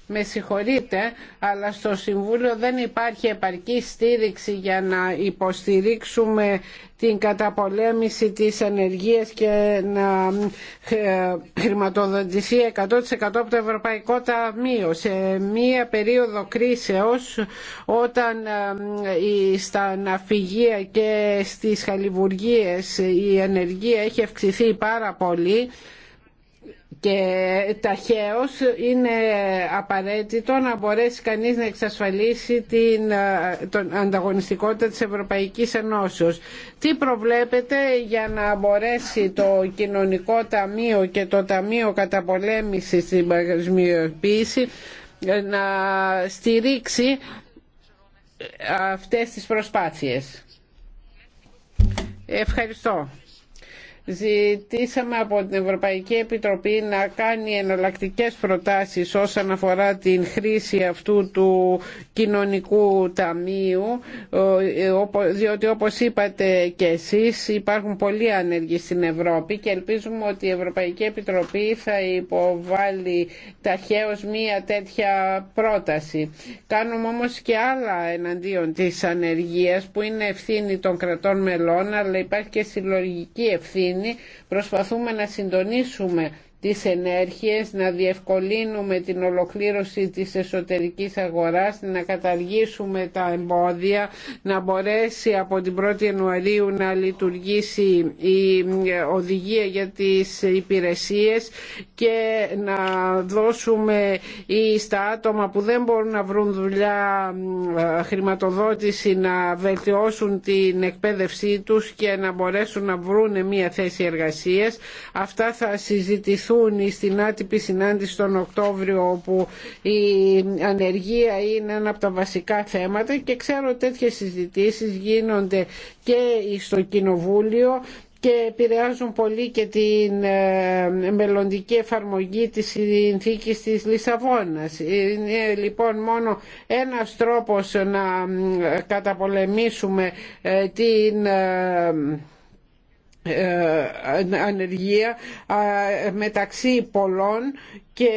με συγχωρείτε, αλλά στο Συμβούλιο δεν υπάρχει επαρκή στήριξη για να υποστηρίξουμε την καταπολέμηση της ανεργίας και να ε, χρηματοδοτηθεί 100% από το Ευρωπαϊκό Ταμείο. Σε μία περίοδο κρίσεως, όταν ε, στα ναυπηγεία και στις χαλιβουργίες η ανεργία έχει αυξηθεί πάρα πολύ, και ταχαίως είναι απαραίτητο να μπορέσει κανείς να εξασφαλίσει την ε, ανταγωνιστικότητα της Ευρωπαϊκής Ενώσεως. Τι προβλέπετε για να μπορέσει το Κοινωνικό Ταμείο και το Ταμείο Καταπολέμησης στην Παγκοσμιοποίηση ε, να στηρίξει ε, αυτές τις προσπάθειες. Ευχαριστώ. Ζητήσαμε από την Ευρωπαϊκή Επιτροπή να κάνει εναλλακτικές προτάσεις όσον αφορά την χρήση αυτού του κοινωνικού ταμείου διότι όπως είπατε και εσείς υπάρχουν πολλοί άνεργοι στην Ευρώπη και ελπίζουμε ότι η Ευρωπαϊκή Επιτροπή θα υποβάλει ταχαίως μία τέτοια πρόταση. Κάνουμε όμως και άλλα εναντίον της ανεργίας που είναι ευθύνη των κρατών μελών αλλά υπάρχει και συλλογική ευθύνη Προσπαθούμε να συντονίσουμε τις ενέργειες, να διευκολύνουμε την ολοκλήρωση της εσωτερικής αγοράς, να καταργήσουμε τα εμπόδια, να μπορέσει από την 1η Ιανουαρίου να λειτουργήσει η οδηγία για τις υπηρεσίες και να δώσουμε ή στα άτομα που δεν μπορούν να βρουν δουλειά χρηματοδότηση να βελτιώσουν την εκπαίδευσή τους και να μπορέσουν να βρουν μια θέση εργασίας. Αυτά θα συζητηθούν στην άτυπη συνάντηση τον Οκτώβριο όπου η ανεργία είναι ένα από τα βασικά θέματα και ξέρω τέτοιες συζητήσεις γίνονται και στο Κοινοβούλιο και επηρεάζουν πολύ και την ε, μελλοντική εφαρμογή της συνθήκης της Λισαβόνας. Είναι λοιπόν μόνο ένας τρόπος να ε, καταπολεμήσουμε ε, την ε, ε, ανεργία μεταξύ πολλών και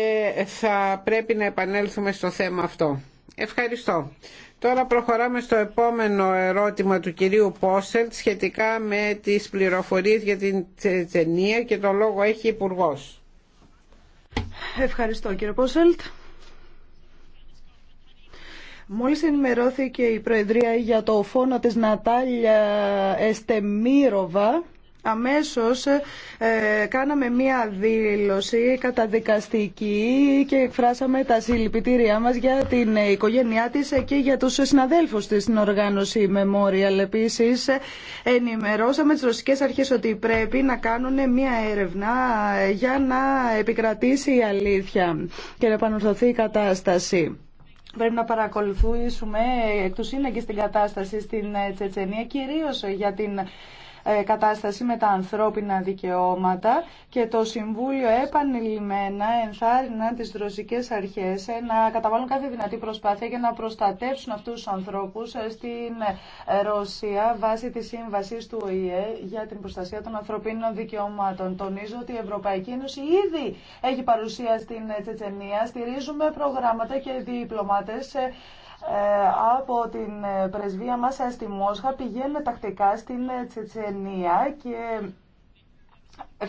θα πρέπει να επανέλθουμε στο θέμα αυτό. Ευχαριστώ. Τώρα προχωράμε στο επόμενο ερώτημα του κυρίου Πόσελτ σχετικά με τις πληροφορίες για την Τσετσενία και το λόγο έχει υπουργό. Ευχαριστώ κύριε Πόσελτ. Μόλις ενημερώθηκε η Προεδρία για το φόνο της Νατάλια Εστεμίροβα Αμέσως ε, κάναμε μία δήλωση καταδικαστική και εκφράσαμε τα συλληπιτήριά μας για την οικογένειά της και για τους συναδέλφους της στην οργάνωση Memorial. Επίσης, ενημερώσαμε τις ρωσικές αρχές ότι πρέπει να κάνουν μία έρευνα για να επικρατήσει η αλήθεια και να επανορθωθεί η κατάσταση. Πρέπει να παρακολουθήσουμε εκ του σύνεγγυ στην κατάσταση στην Τσετσενία, κυρίως για την ε, κατάσταση με τα ανθρώπινα δικαιώματα και το Συμβούλιο επανειλημμένα ενθάρρυνα τις ρωσικές αρχές ε, να καταβάλουν κάθε δυνατή προσπάθεια για να προστατεύσουν αυτούς τους ανθρώπους ε, στην Ρωσία βάσει της σύμβασης του ΟΗΕ για την προστασία των ανθρωπίνων δικαιωμάτων. Τονίζω ότι η Ευρωπαϊκή Ένωση ήδη έχει παρουσία στην Τσετσενία. Στηρίζουμε προγράμματα και διπλωμάτες ε, από την ε, πρεσβεία μας ε, στη Μόσχα πηγαίνουμε τακτικά στην Τσετσενία και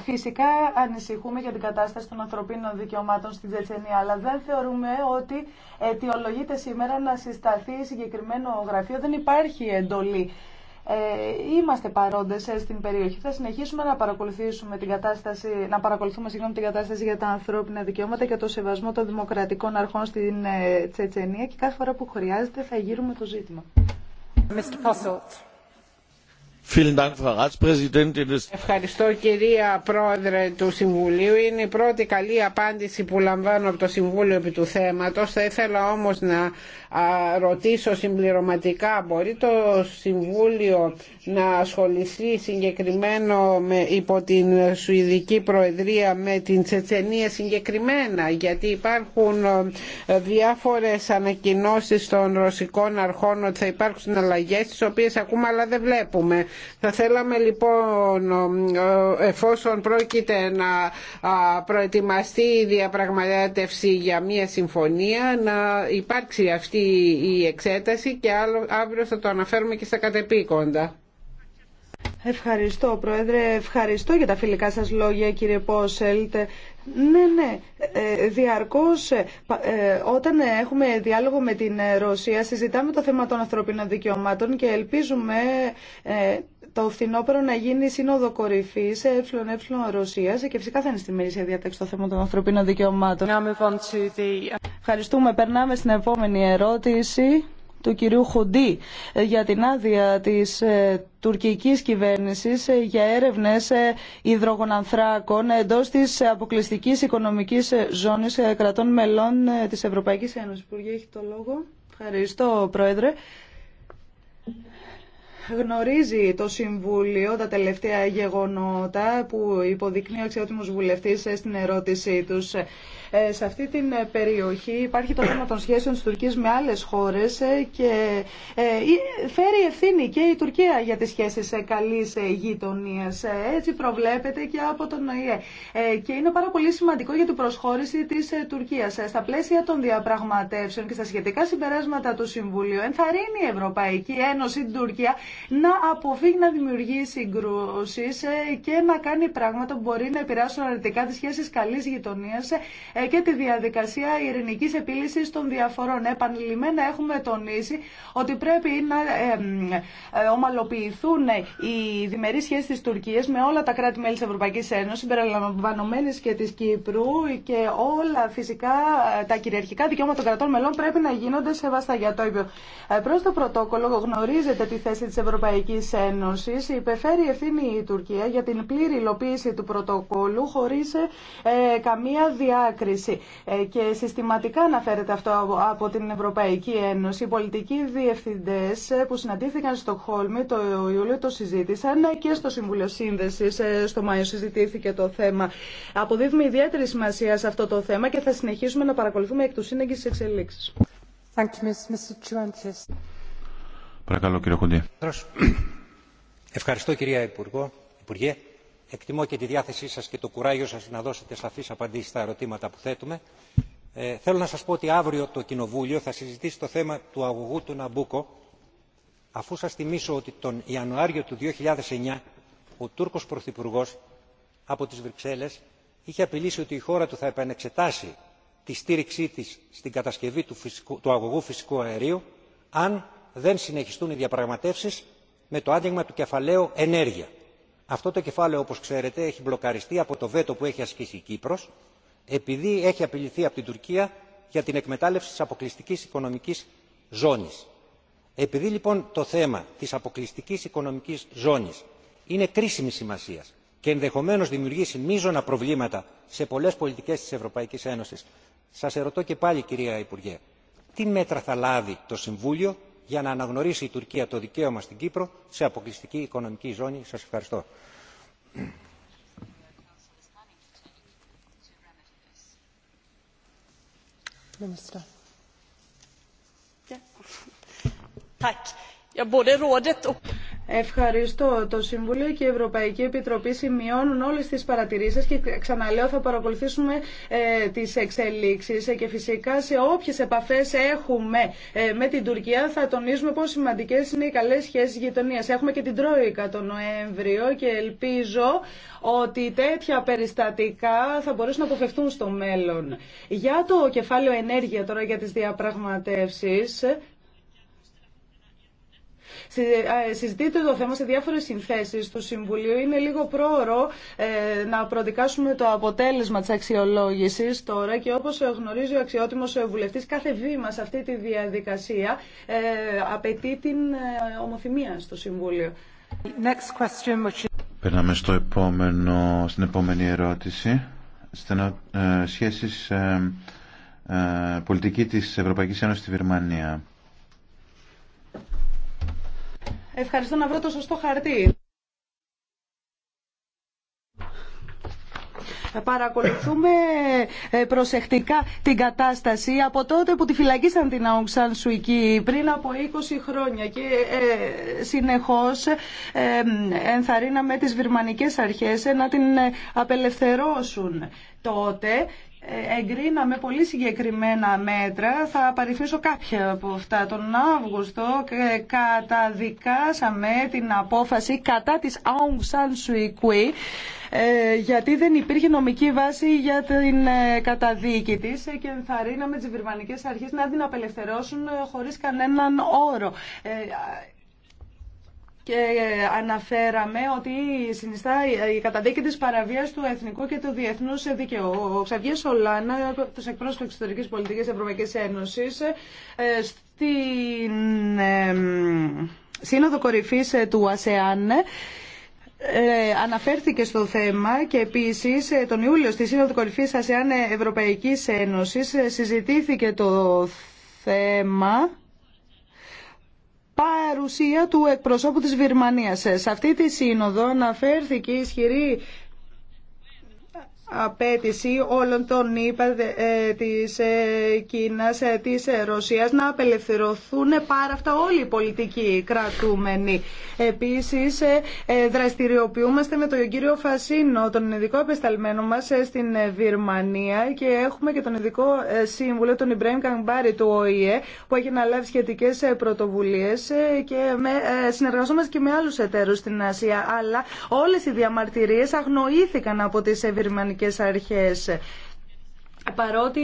Φυσικά ανησυχούμε για την κατάσταση των ανθρωπίνων δικαιωμάτων στην Τσετσενία, αλλά δεν θεωρούμε ότι αιτιολογείται σήμερα να συσταθεί συγκεκριμένο γραφείο. Δεν υπάρχει εντολή ε, είμαστε παρόντες ε, στην περιοχή. Θα συνεχίσουμε να παρακολουθήσουμε την κατάσταση, να παρακολουθούμε συγγνώμη, την κατάσταση για τα ανθρώπινα δικαιώματα και το σεβασμό των δημοκρατικών αρχών στην ε, Τσετσενία και κάθε φορά που χρειάζεται θα γύρουμε το ζήτημα. Ευχαριστώ κυρία Πρόεδρε του Συμβουλίου. Είναι η πρώτη καλή απάντηση που λαμβάνω από το Συμβούλιο επί του θέματος. Θα ήθελα όμως να ρωτήσω συμπληρωματικά. Μπορεί το Συμβούλιο να ασχοληθεί συγκεκριμένο με, υπό την Σουηδική Προεδρία με την Τσετσενία συγκεκριμένα γιατί υπάρχουν ε, διάφορες ανακοινώσεις των ρωσικών αρχών ότι θα υπάρξουν αλλαγές τις οποίες ακούμε αλλά δεν βλέπουμε θα θέλαμε λοιπόν εφόσον πρόκειται να προετοιμαστεί η διαπραγματεύση για μια συμφωνία να υπάρξει αυτή η εξέταση και αύριο θα το αναφέρουμε και στα κατεπίκοντα. Ευχαριστώ, Πρόεδρε. Ευχαριστώ για τα φιλικά σας λόγια, κύριε Πόσελτ. Ναι, ναι. Ε, διαρκώς, ε, ε, όταν έχουμε διάλογο με την Ρωσία, συζητάμε το θέμα των ανθρωπίνων δικαιωμάτων και ελπίζουμε το φθινόπωρο να γίνει σύνοδο κορυφή σε ΕΕ Ρωσία και φυσικά θα είναι στη μερίσια διάταξη το θέμα των ανθρωπίνων δικαιωμάτων. Ευχαριστούμε. Περνάμε στην επόμενη ερώτηση του κυρίου Χουντή ε, για την άδεια της ε, τουρκικής κυβέρνησης ε, για έρευνες υδρογονανθράκων εντός της αποκλειστικής οικονομικής ζώνης κρατών μελών της Ευρωπαϊκής Ένωσης. Υπουργέ, έχει το λόγο. Ευχαριστώ, Πρόεδρε. Γνωρίζει το Συμβούλιο τα τελευταία γεγονότα που υποδεικνύει ο αξιότιμος βουλευτής στην ερώτησή τους. Ε, σε αυτή την ε, περιοχή υπάρχει το θέμα των σχέσεων της Τουρκίας με άλλες χώρες ε, και φέρει ευθύνη και η Τουρκία για τις σχέσεις καλής γειτονίας. Έτσι προβλέπεται και από τον ΟΗΕ. Και είναι πάρα πολύ σημαντικό για την προσχώρηση της Τουρκίας. Στα πλαίσια των διαπραγματεύσεων και στα σχετικά συμπεράσματα του Συμβουλίου ενθαρρύνει η Ευρωπαϊκή Ένωση την Τουρκία να αποφύγει να δημιουργεί συγκρούσεις και να κάνει πράγματα που μπορεί να επηρεάσουν αρνητικά τις σχέσεις καλής γειτονίας ε, και τη διαδικασία ειρηνική επίλυση των διαφορών. Επανειλημμένα έχουμε τονίσει ότι πρέπει να ε, ομαλοποιηθούν οι διμερεί σχέσει τη Τουρκία με όλα τα κράτη-μέλη τη Ευρωπαϊκή Ένωση, συμπεριλαμβανομένε και τη Κύπρου και όλα φυσικά τα κυριαρχικά δικαιώματα των κρατών μελών πρέπει να γίνονται σεβαστά για το ίδιο. Ε, Προ το πρωτόκολλο γνωρίζετε τη θέση τη Ευρωπαϊκή Ένωση. Υπεφέρει ευθύνη η Τουρκία για την πλήρη υλοποίηση του πρωτοκόλλου χωρί καμία διάκριση. Ε, και συστηματικά αναφέρεται αυτό από την Ευρωπαϊκή Ένωση. Οι πολιτικοί διευθυντέ ε, που συναντήθηκαν στο Χόλμη το Ιούλιο το συζήτησαν και στο Συμβούλιο Σύνδεση ε, στο Μάιο συζητήθηκε το θέμα. Αποδίδουμε ιδιαίτερη σημασία σε αυτό το θέμα και θα συνεχίσουμε να παρακολουθούμε εκ του σύνεγγυ τι εξελίξει. Παρακαλώ, κύριε Ευχαριστώ, κυρία Υπουργέ εκτιμώ και τη διάθεσή σας και το κουράγιο σας να δώσετε σαφείς απαντήσεις στα ερωτήματα που θέτουμε. Ε, θέλω να σας πω ότι αύριο το Κοινοβούλιο θα συζητήσει το θέμα του αγωγού του Ναμπούκο αφού σας θυμίσω ότι τον Ιανουάριο του 2009 ο Τούρκος Πρωθυπουργό από τις Βρυξέλλες είχε απειλήσει ότι η χώρα του θα επανεξετάσει τη στήριξή της στην κατασκευή του, του αγωγού φυσικού αερίου αν δεν συνεχιστούν οι διαπραγματεύσεις με το άνοιγμα του κεφαλαίου ενέργεια αυτό το κεφάλαιο όπως ξέρετε έχει μπλοκαριστεί από το βέτο που έχει ασκήσει η κύπρος επειδή έχει απειληθεί από την τουρκία για την εκμετάλλευση της αποκλειστικής οικονομικής ζώνης. επειδή λοιπόν το θέμα της αποκλειστικής οικονομικής ζώνης είναι κρίσιμης σημασίας και ενδεχομένως δημιουργήσει μείζωνα προβλήματα σε πολλές πολιτικές της ευρωπαϊκής ένωσης σας ερωτώ και πάλι κυρία υπουργέ τι μέτρα θα λάβει το συμβούλιο για να αναγνωρίσει η τουρκία το δικαίωμα στην κύπρο σε αποκλειστική οικονομική ζώνη. σας ευχαριστώ. Ευχαριστώ. Το Συμβούλιο και η Ευρωπαϊκή Επιτροπή σημειώνουν όλες τις παρατηρήσεις και ξαναλέω θα παρακολουθήσουμε ε, τις εξελίξεις ε, και φυσικά σε όποιες επαφές έχουμε ε, με την Τουρκία θα τονίζουμε πόσο σημαντικές είναι οι καλές σχέσεις γειτονίας. Έχουμε και την Τρόικα τον Νοέμβριο και ελπίζω ότι τέτοια περιστατικά θα μπορέσουν να αποφευθούν στο μέλλον. Για το κεφάλαιο ενέργεια τώρα για τις διαπραγματεύσεις, Συζητείται το θέμα σε διάφορε συνθέσει του Συμβουλίου. Είναι λίγο πρόωρο ε, να προδικάσουμε το αποτέλεσμα τη αξιολόγηση τώρα και όπω γνωρίζει ο αξιότιμο βουλευτή, κάθε βήμα σε αυτή τη διαδικασία ε, απαιτεί την ε, ομοθυμία στο Συμβούλιο. Next question, Περνάμε στο επόμενο, στην επόμενη ερώτηση. στην ε, ε, ε, πολιτική της Ευρωπαϊκής Ένωσης στη Βερμανία. Ευχαριστώ να βρω το σωστό χαρτί. Παρακολουθούμε ε, προσεκτικά την κατάσταση από τότε που τη φυλακίσαν την Αung Σουική πριν από 20 χρόνια και ε, συνεχώς ε, ενθαρρύναμε τις βυρμανικές αρχές να την απελευθερώσουν τότε εγκρίναμε πολύ συγκεκριμένα μέτρα. Θα παριθμίσω κάποια από αυτά. Τον Αύγουστο ε, καταδικάσαμε την απόφαση κατά της Aung San Suu ε, γιατί δεν υπήρχε νομική βάση για την ε, καταδίκη της και ενθαρρύναμε τις βιρμανικές αρχές να την απελευθερώσουν χωρίς κανέναν όρο και αναφέραμε ότι συνιστά η καταδίκη της παραβίας του εθνικού και του διεθνούς δικαίου. Ο Ξαβιέ Σολάνα, τους εκπρόσωπος εξωτερικής πολιτικής Ευρωπαϊκής Ένωσης, ε, στην Σύνοδο Κορυφής ε, του ΑΣΕΑΝ, ε, αναφέρθηκε στο θέμα και επίσης τον Ιούλιο στη Σύνοδο Κορυφής ΑΣΕΑΝ Ευρωπαϊκής Ένωσης συζητήθηκε το θέμα παρουσία του εκπροσώπου της Βυρμανίας. Σε αυτή τη σύνοδο αναφέρθηκε ισχυρή απέτηση όλων των ΗΠΑ ε, της ε, Κίνας, ε, της Ρωσίας να απελευθερωθούν πάρα αυτά όλοι οι πολιτικοί κρατούμενοι. Επίσης δραστηριοποιούμαστε με τον κύριο Φασίνο, τον ειδικό επισταλμένο μας στην Βιρμανία και έχουμε και τον ειδικό σύμβουλο, τον Ιμπρέμ Καμπάρη του ΟΗΕ που έχει αναλάβει σχετικές πρωτοβουλίες και με, συνεργαζόμαστε και με άλλους εταίρους στην Ασία αλλά όλες οι διαμαρτυρίες αγνοήθηκαν από τις Βυρμανικές αρχές παρότι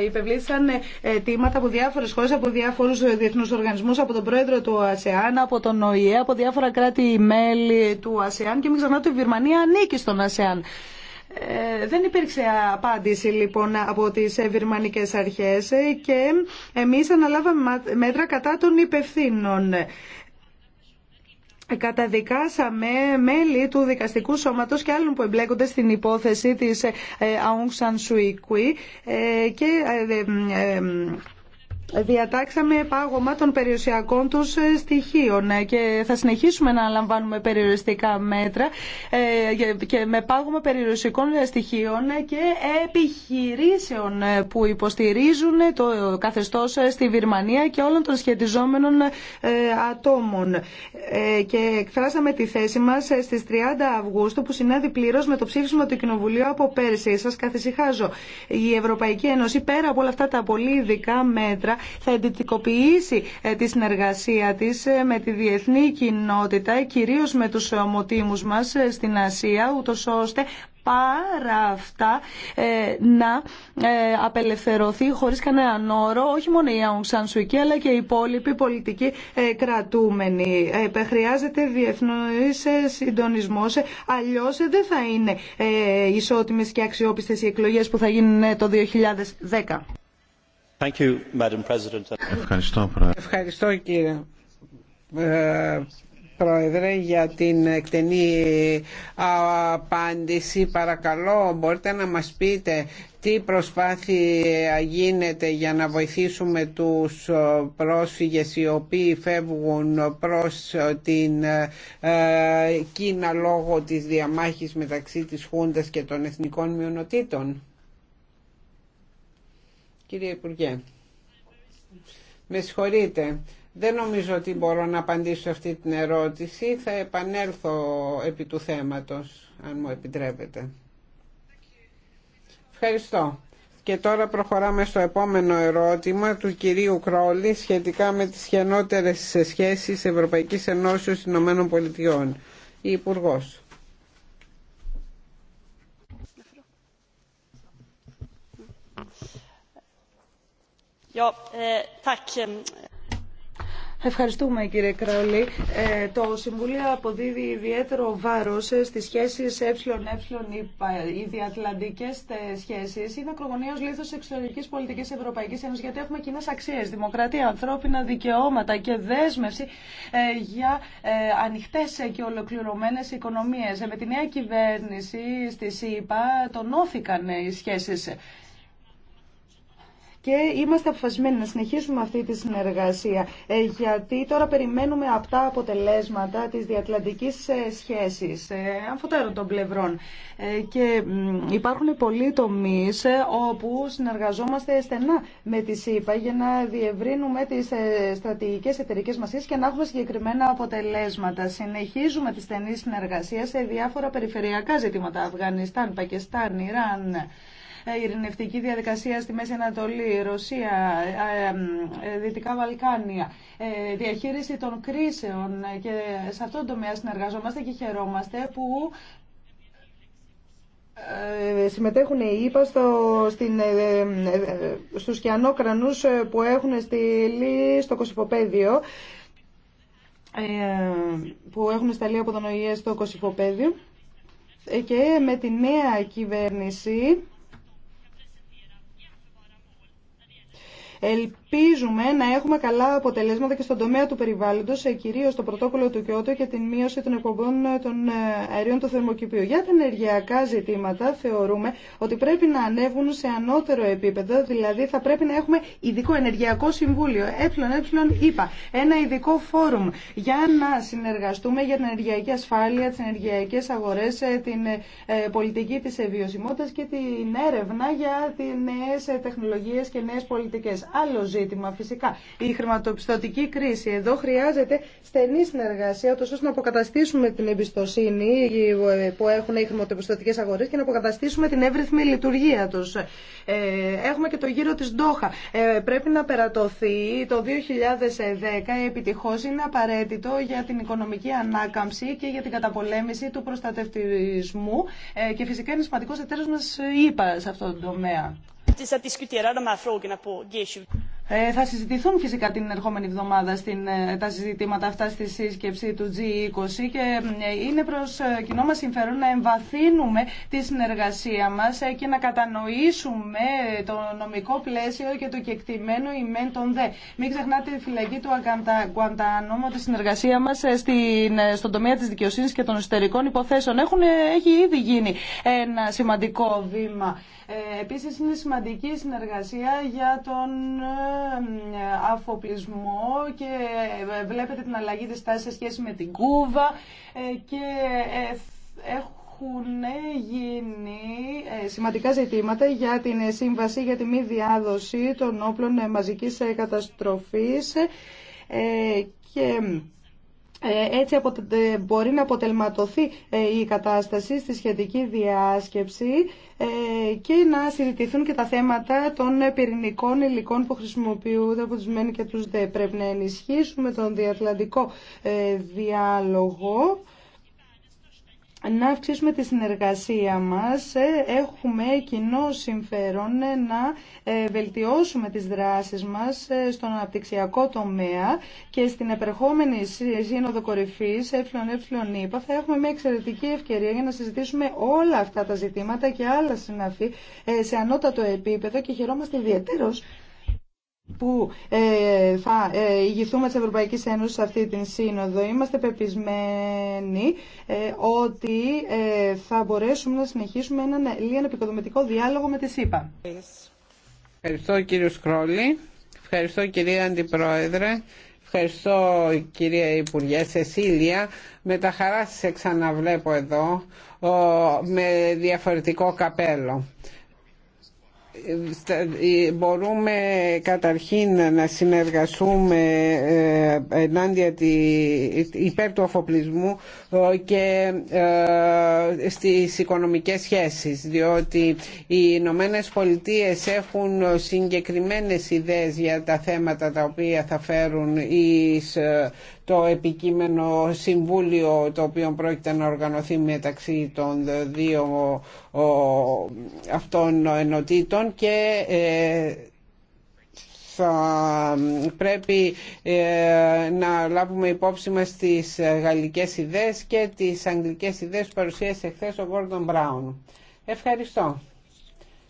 ε, υπευλήθησαν ε, αιτήματα από διάφορε χώρε από διάφορου ε, διεθνού οργανισμού, από τον πρόεδρο του ΑΣΕΑΝ, από τον ΟΗΕ, από διάφορα κράτη-μέλη του ΑΣΕΑΝ και μην ξεχνάτε ότι η Βυρμανία ανήκει στον ΑΣΕΑΝ. δεν υπήρξε απάντηση λοιπόν από τις βυρμανικέ αρχές και εμείς αναλάβαμε μέτρα κατά των υπευθύνων καταδικάσαμε μέλη του δικαστικού σώματος και άλλων που εμπλέκονται στην υπόθεση της ε, Aung San Suu Kyi ε, και ε, διατάξαμε πάγωμα των περιουσιακών τους ε, στοιχείων ε, και θα συνεχίσουμε να λαμβάνουμε περιοριστικά μέτρα ε, και με πάγωμα περιουσιακών στοιχείων και επιχειρήσεων που υποστηρίζουν το καθεστώς στη Βυρμανία και όλων των σχετιζόμενων ατόμων. Και εκφράσαμε τη θέση μας στις 30 Αυγούστου που συνάδει πλήρω με το ψήφισμα του Κοινοβουλίου από πέρσι. Σας καθησυχάζω. Η Ευρωπαϊκή Ένωση πέρα από όλα αυτά τα πολύ ειδικά μέτρα θα εντυπωποιήσει ε, τη συνεργασία της ε, με τη διεθνή κοινότητα, ε, κυρίως με τους ομοτήμους μας στην Ασία, ούτως ώστε πάρα αυτά να απελευθερωθεί χωρίς κανέναν όρο όχι μόνο η Αουν αλλά και οι υπόλοιποι πολιτικοί ε, κρατούμενοι. Ε, χρειάζεται διεθνής ε, συντονισμός, αλλιώς δεν θα είναι ε, ισότιμες και αξιόπιστες οι εκλογές που θα γίνουν το 2010. Ευχαριστώ, κύριε ε, Πρόεδρε, για την εκτενή απάντηση. Παρακαλώ, μπορείτε να μας πείτε τι προσπάθεια γίνεται για να βοηθήσουμε τους πρόσφυγες οι οποίοι φεύγουν προς την ε, Κίνα λόγω της διαμάχης μεταξύ της Χούντας και των εθνικών μειονοτήτων. Κύριε Υπουργέ, με συγχωρείτε. Δεν νομίζω ότι μπορώ να απαντήσω αυτή την ερώτηση. Θα επανέλθω επί του θέματος, αν μου επιτρέπετε. Ευχαριστώ. Και τώρα προχωράμε στο επόμενο ερώτημα του κυρίου Κρόλη σχετικά με τις χενότερες σχέσεις Ευρωπαϊκής Ενώσεως Ηνωμένων Πολιτειών. Η Υπουργός. Eh, eh. Ευχαριστούμε κύριε Κράουλη. Ε, το Συμβουλίο αποδίδει ιδιαίτερο βάρος ε, στις σχέσεις ΕΕ, οι διατλαντικές σχέσεις. Είναι ακρογωνίως λίθος εξωτερικής πολιτικής Ευρωπαϊκής Ένωσης, γιατί έχουμε κοινές αξίες, δημοκρατία, ανθρώπινα δικαιώματα και δέσμευση για ε, ανοιχτές και ολοκληρωμένες οικονομίες. με τη νέα κυβέρνηση στη ΣΥΠΑ τονώθηκαν οι σχέσεις και είμαστε αποφασισμένοι να συνεχίσουμε αυτή τη συνεργασία ε, γιατί τώρα περιμένουμε αυτά αποτελέσματα της διατλαντικής ε, σχέσης ε, αφωτέρων των πλευρών και υπάρχουν πολλοί τομείς όπου συνεργαζόμαστε στενά με τη ΣΥΠΑ για να διευρύνουμε τις στρατηγικές εταιρικέ μας σχέσεις και να έχουμε συγκεκριμένα αποτελέσματα. Συνεχίζουμε τη στενή συνεργασία σε διάφορα περιφερειακά ζητήματα Αφγανιστάν, Πακιστάν, Ιράν ε, ειρηνευτική διαδικασία στη Μέση Ανατολή, Ρωσία, ε, ε, Δυτικά Βαλκάνια, διαχείριση των κρίσεων και σε αυτόν τον τομέα συνεργαζόμαστε και χαιρόμαστε που συμμετέχουν οι ΙΠΑ στο, στην, στους που έχουν στείλει στο Κωσυφοπέδιο που έχουν σταλεί από τον ΟΗΕ στο Κωσυφοπέδιο και με τη νέα κυβέρνηση Ελπίζουμε να έχουμε καλά αποτελέσματα και στον τομέα του περιβάλλοντο, ε, κυρίω το πρωτόκολλο του Κιώτο και την μείωση των εκπομπών ε, των ε, αερίων του θερμοκηπίου. Για τα ενεργειακά ζητήματα θεωρούμε ότι πρέπει να ανέβουν σε ανώτερο επίπεδο, δηλαδή θα πρέπει να έχουμε ειδικό ενεργειακό συμβούλιο, ΕΕ, είπα, ένα ειδικό φόρουμ για να συνεργαστούμε για την ενεργειακή ασφάλεια, τι ενεργειακέ αγορέ, την πολιτική τη βιωσιμότητα και την έρευνα για τι νέε τεχνολογίε και νέε πολιτικέ άλλο ζήτημα φυσικά. Η χρηματοπιστωτική κρίση εδώ χρειάζεται στενή συνεργασία, ώστε να αποκαταστήσουμε την εμπιστοσύνη που έχουν οι χρηματοπιστωτικέ αγορέ και να αποκαταστήσουμε την εύρυθμη λειτουργία του. Ε, έχουμε και το γύρο τη Ντόχα. Ε, πρέπει να περατωθεί το 2010 επιτυχώ. Είναι απαραίτητο για την οικονομική ανάκαμψη και για την καταπολέμηση του προστατευτισμού ε, και φυσικά είναι σημαντικό εταίρο μα, είπα, σε αυτό το τομέα naturligtvis att diskutera de här frågorna på g. Ε, θα συζητηθούν φυσικά την ερχόμενη εβδομάδα στην, ε, τα συζητήματα αυτά στη σύσκεψη του G20 και ε, είναι προς κοινό μας συμφέρον να εμβαθύνουμε τη συνεργασία μας και να κατανοήσουμε το νομικό πλαίσιο και το κεκτημένο ημέν των δε. Μην ξεχνάτε τη φυλακή του Αγκαντανόμου τη συνεργασία μας στην, στον τομέα της δικαιοσύνης και των εσωτερικών υποθέσεων. Έχουν, έχει ήδη γίνει ένα σημαντικό βήμα. Ε, επίσης είναι σημαντική συνεργασία για τον αφοπλισμό και ε, βλέπετε την αλλαγή της τάσης σε σχέση με την Κούβα ε, και ε, έχουν γίνει σημαντικά ζητήματα για την σύμβαση για τη μη διάδοση των όπλων μαζικής καταστροφής και ε, έτσι ε, μπορεί να αποτελματωθεί ε, η κατάσταση στη σχετική διάσκεψη και να συζητηθούν και τα θέματα των πυρηνικών υλικών που χρησιμοποιούνται από τους ΜΕΝ και τους ΔΕ. Πρέπει να ενισχύσουμε τον διατλαντικό διάλογο να αυξήσουμε τη συνεργασία μας. Ε, έχουμε κοινό συμφέρον ε, να ε, βελτιώσουμε τις δράσεις μας στον αναπτυξιακό τομέα και στην επερχόμενη σύνοδο κορυφής ΕΕ θα έχουμε μια εξαιρετική ευκαιρία για να συζητήσουμε όλα αυτά τα ζητήματα και άλλα συναφή σε ανώτατο επίπεδο και χαιρόμαστε ιδιαίτερως που ε, θα ε, ηγηθούμε της Ευρωπαϊκής Ένωσης σε αυτή την σύνοδο. Είμαστε πεπισμένοι ε, ότι θα μπορέσουμε να συνεχίσουμε έναν λίγο επικοδομητικό διάλογο με τη ΣΥΠΑ. Ευχαριστώ κύριο Σκρόλη. Ευχαριστώ κυρία Αντιπρόεδρε. Ευχαριστώ κυρία Υπουργέ Σεσίλια. Με τα χαρά σας ξαναβλέπω εδώ με διαφορετικό καπέλο. Ε, μπορούμε καταρχήν να συνεργαστούμε ε, ενάντια τη, υπέρ του αφοπλισμού ε, και στις οικονομικές σχέσεις διότι οι Ηνωμένε Πολιτείε έχουν συγκεκριμένες ιδέες για τα θέματα τα οποία θα φέρουν εις το επικείμενο συμβούλιο το οποίο πρόκειται να οργανωθεί μεταξύ των δύο αυτών ενωτήτων και ε, θα πρέπει ε, να λάβουμε υπόψη μας τις γαλλικές ιδέες και τις αγγλικές ιδέες που παρουσίασε χθες ο Gordon Μπράουν. Ευχαριστώ.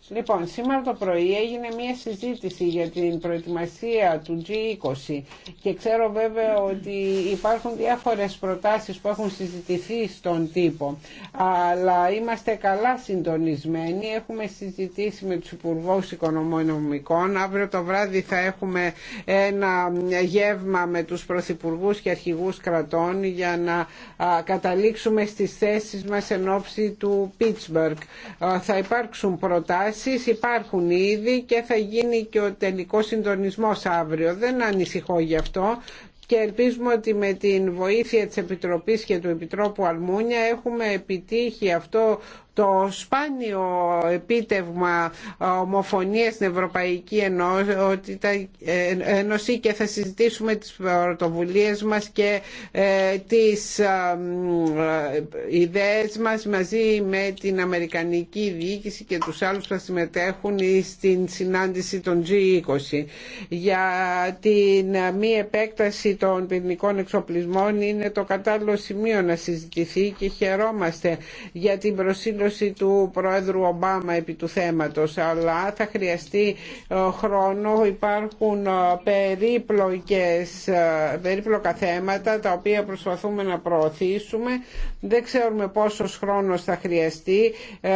Λοιπόν, σήμερα το πρωί έγινε μια συζήτηση για την προετοιμασία του G20 και ξέρω βέβαια ότι υπάρχουν διάφορες προτάσεις που έχουν συζητηθεί στον τύπο αλλά είμαστε καλά συντονισμένοι, έχουμε συζητήσει με τους υπουργού Οικονομικών αύριο το βράδυ θα έχουμε ένα γεύμα με τους Πρωθυπουργού και αρχηγούς κρατών για να καταλήξουμε στις θέσεις μας εν του Πίτσμπεργκ. Θα υπάρξουν προτάσεις αποφάσεις υπάρχουν ήδη και θα γίνει και ο τελικός συντονισμός αύριο. Δεν ανησυχώ γι' αυτό και ελπίζουμε ότι με την βοήθεια της Επιτροπής και του Επιτρόπου Αλμούνια έχουμε επιτύχει αυτό το σπάνιο επίτευγμα ομοφωνίας στην Ευρωπαϊκή Ένωση και θα συζητήσουμε τις πρωτοβουλίε μας και ε, τις ε, ιδέες μας μαζί με την Αμερικανική Διοίκηση και τους άλλους που θα συμμετέχουν στην συνάντηση των G20 για την μη επέκταση των πυρηνικών εξοπλισμών είναι το κατάλληλο σημείο να συζητηθεί και χαιρόμαστε για την προσήλωση δήλωση του Πρόεδρου Ομπάμα επί του θέματος αλλά θα χρειαστεί ε, χρόνο υπάρχουν ε, περίπλοκες ε, περίπλοκα θέματα τα οποία προσπαθούμε να προωθήσουμε δεν ξέρουμε πόσος χρόνος θα χρειαστεί ε,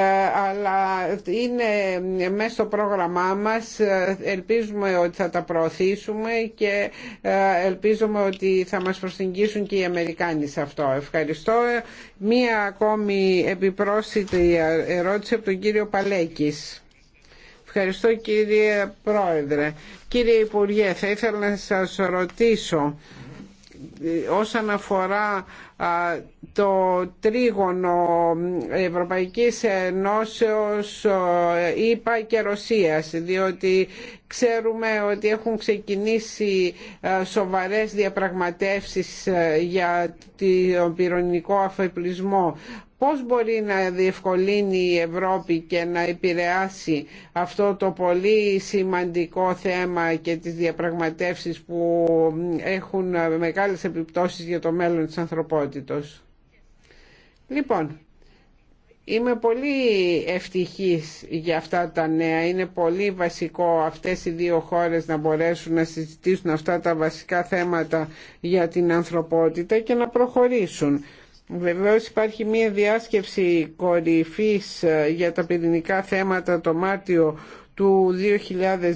αλλά είναι μέσα στο πρόγραμμά μας ελπίζουμε ότι θα τα προωθήσουμε και ε, ελπίζουμε ότι θα μας προσεγγίσουν και οι Αμερικάνοι σε αυτό. Ευχαριστώ. Μία ακόμη επιπρόσθετη ερώτηση από τον κύριο Παλέκης. Ευχαριστώ κύριε Πρόεδρε. Κύριε Υπουργέ, θα ήθελα να σας ρωτήσω όσον αφορά το τρίγωνο Ευρωπαϊκής Ενώσεως είπα και Ρωσίας διότι Ξέρουμε ότι έχουν ξεκινήσει ε, σοβαρές διαπραγματεύσεις ε, για τον πυρονικό αφεπλισμό πώς μπορεί να διευκολύνει η Ευρώπη και να επηρεάσει αυτό το πολύ σημαντικό θέμα και τις διαπραγματεύσεις που έχουν μεγάλες επιπτώσεις για το μέλλον της ανθρωπότητας. Λοιπόν, Είμαι πολύ ευτυχής για αυτά τα νέα. Είναι πολύ βασικό αυτές οι δύο χώρες να μπορέσουν να συζητήσουν αυτά τα βασικά θέματα για την ανθρωπότητα και να προχωρήσουν. Βεβαίως υπάρχει μία διάσκεψη κορυφής ε, για τα πυρηνικά θέματα το Μάρτιο του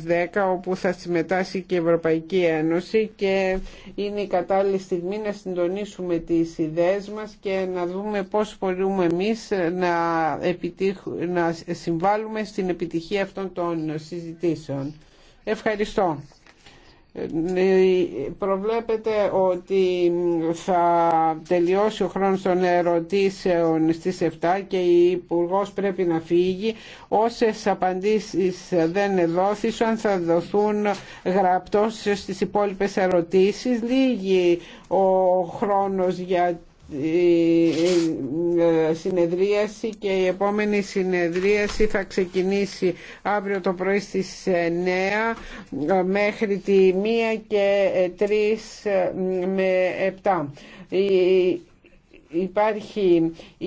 2010 όπου θα συμμετάσχει και η Ευρωπαϊκή Ένωση και είναι η κατάλληλη στιγμή να συντονίσουμε τις ιδέες μας και να δούμε πώς μπορούμε εμείς να, επιτυχ... να συμβάλλουμε στην επιτυχία αυτών των συζητήσεων. Ευχαριστώ. Προβλέπετε ότι θα τελειώσει ο χρόνος των ερωτήσεων στις 7 και η υπουργό πρέπει να φύγει. Όσες απαντήσεις δεν δόθησαν θα δοθούν γραπτώσεις στις υπόλοιπες ερωτήσεις. Λίγη ο χρόνος για η ε, συνεδρίαση και η επόμενη συνεδρίαση θα ξεκινήσει αύριο το πρωί στις 9 ε, μέχρι τη 1 και 3 ε, με 7. Υπάρχει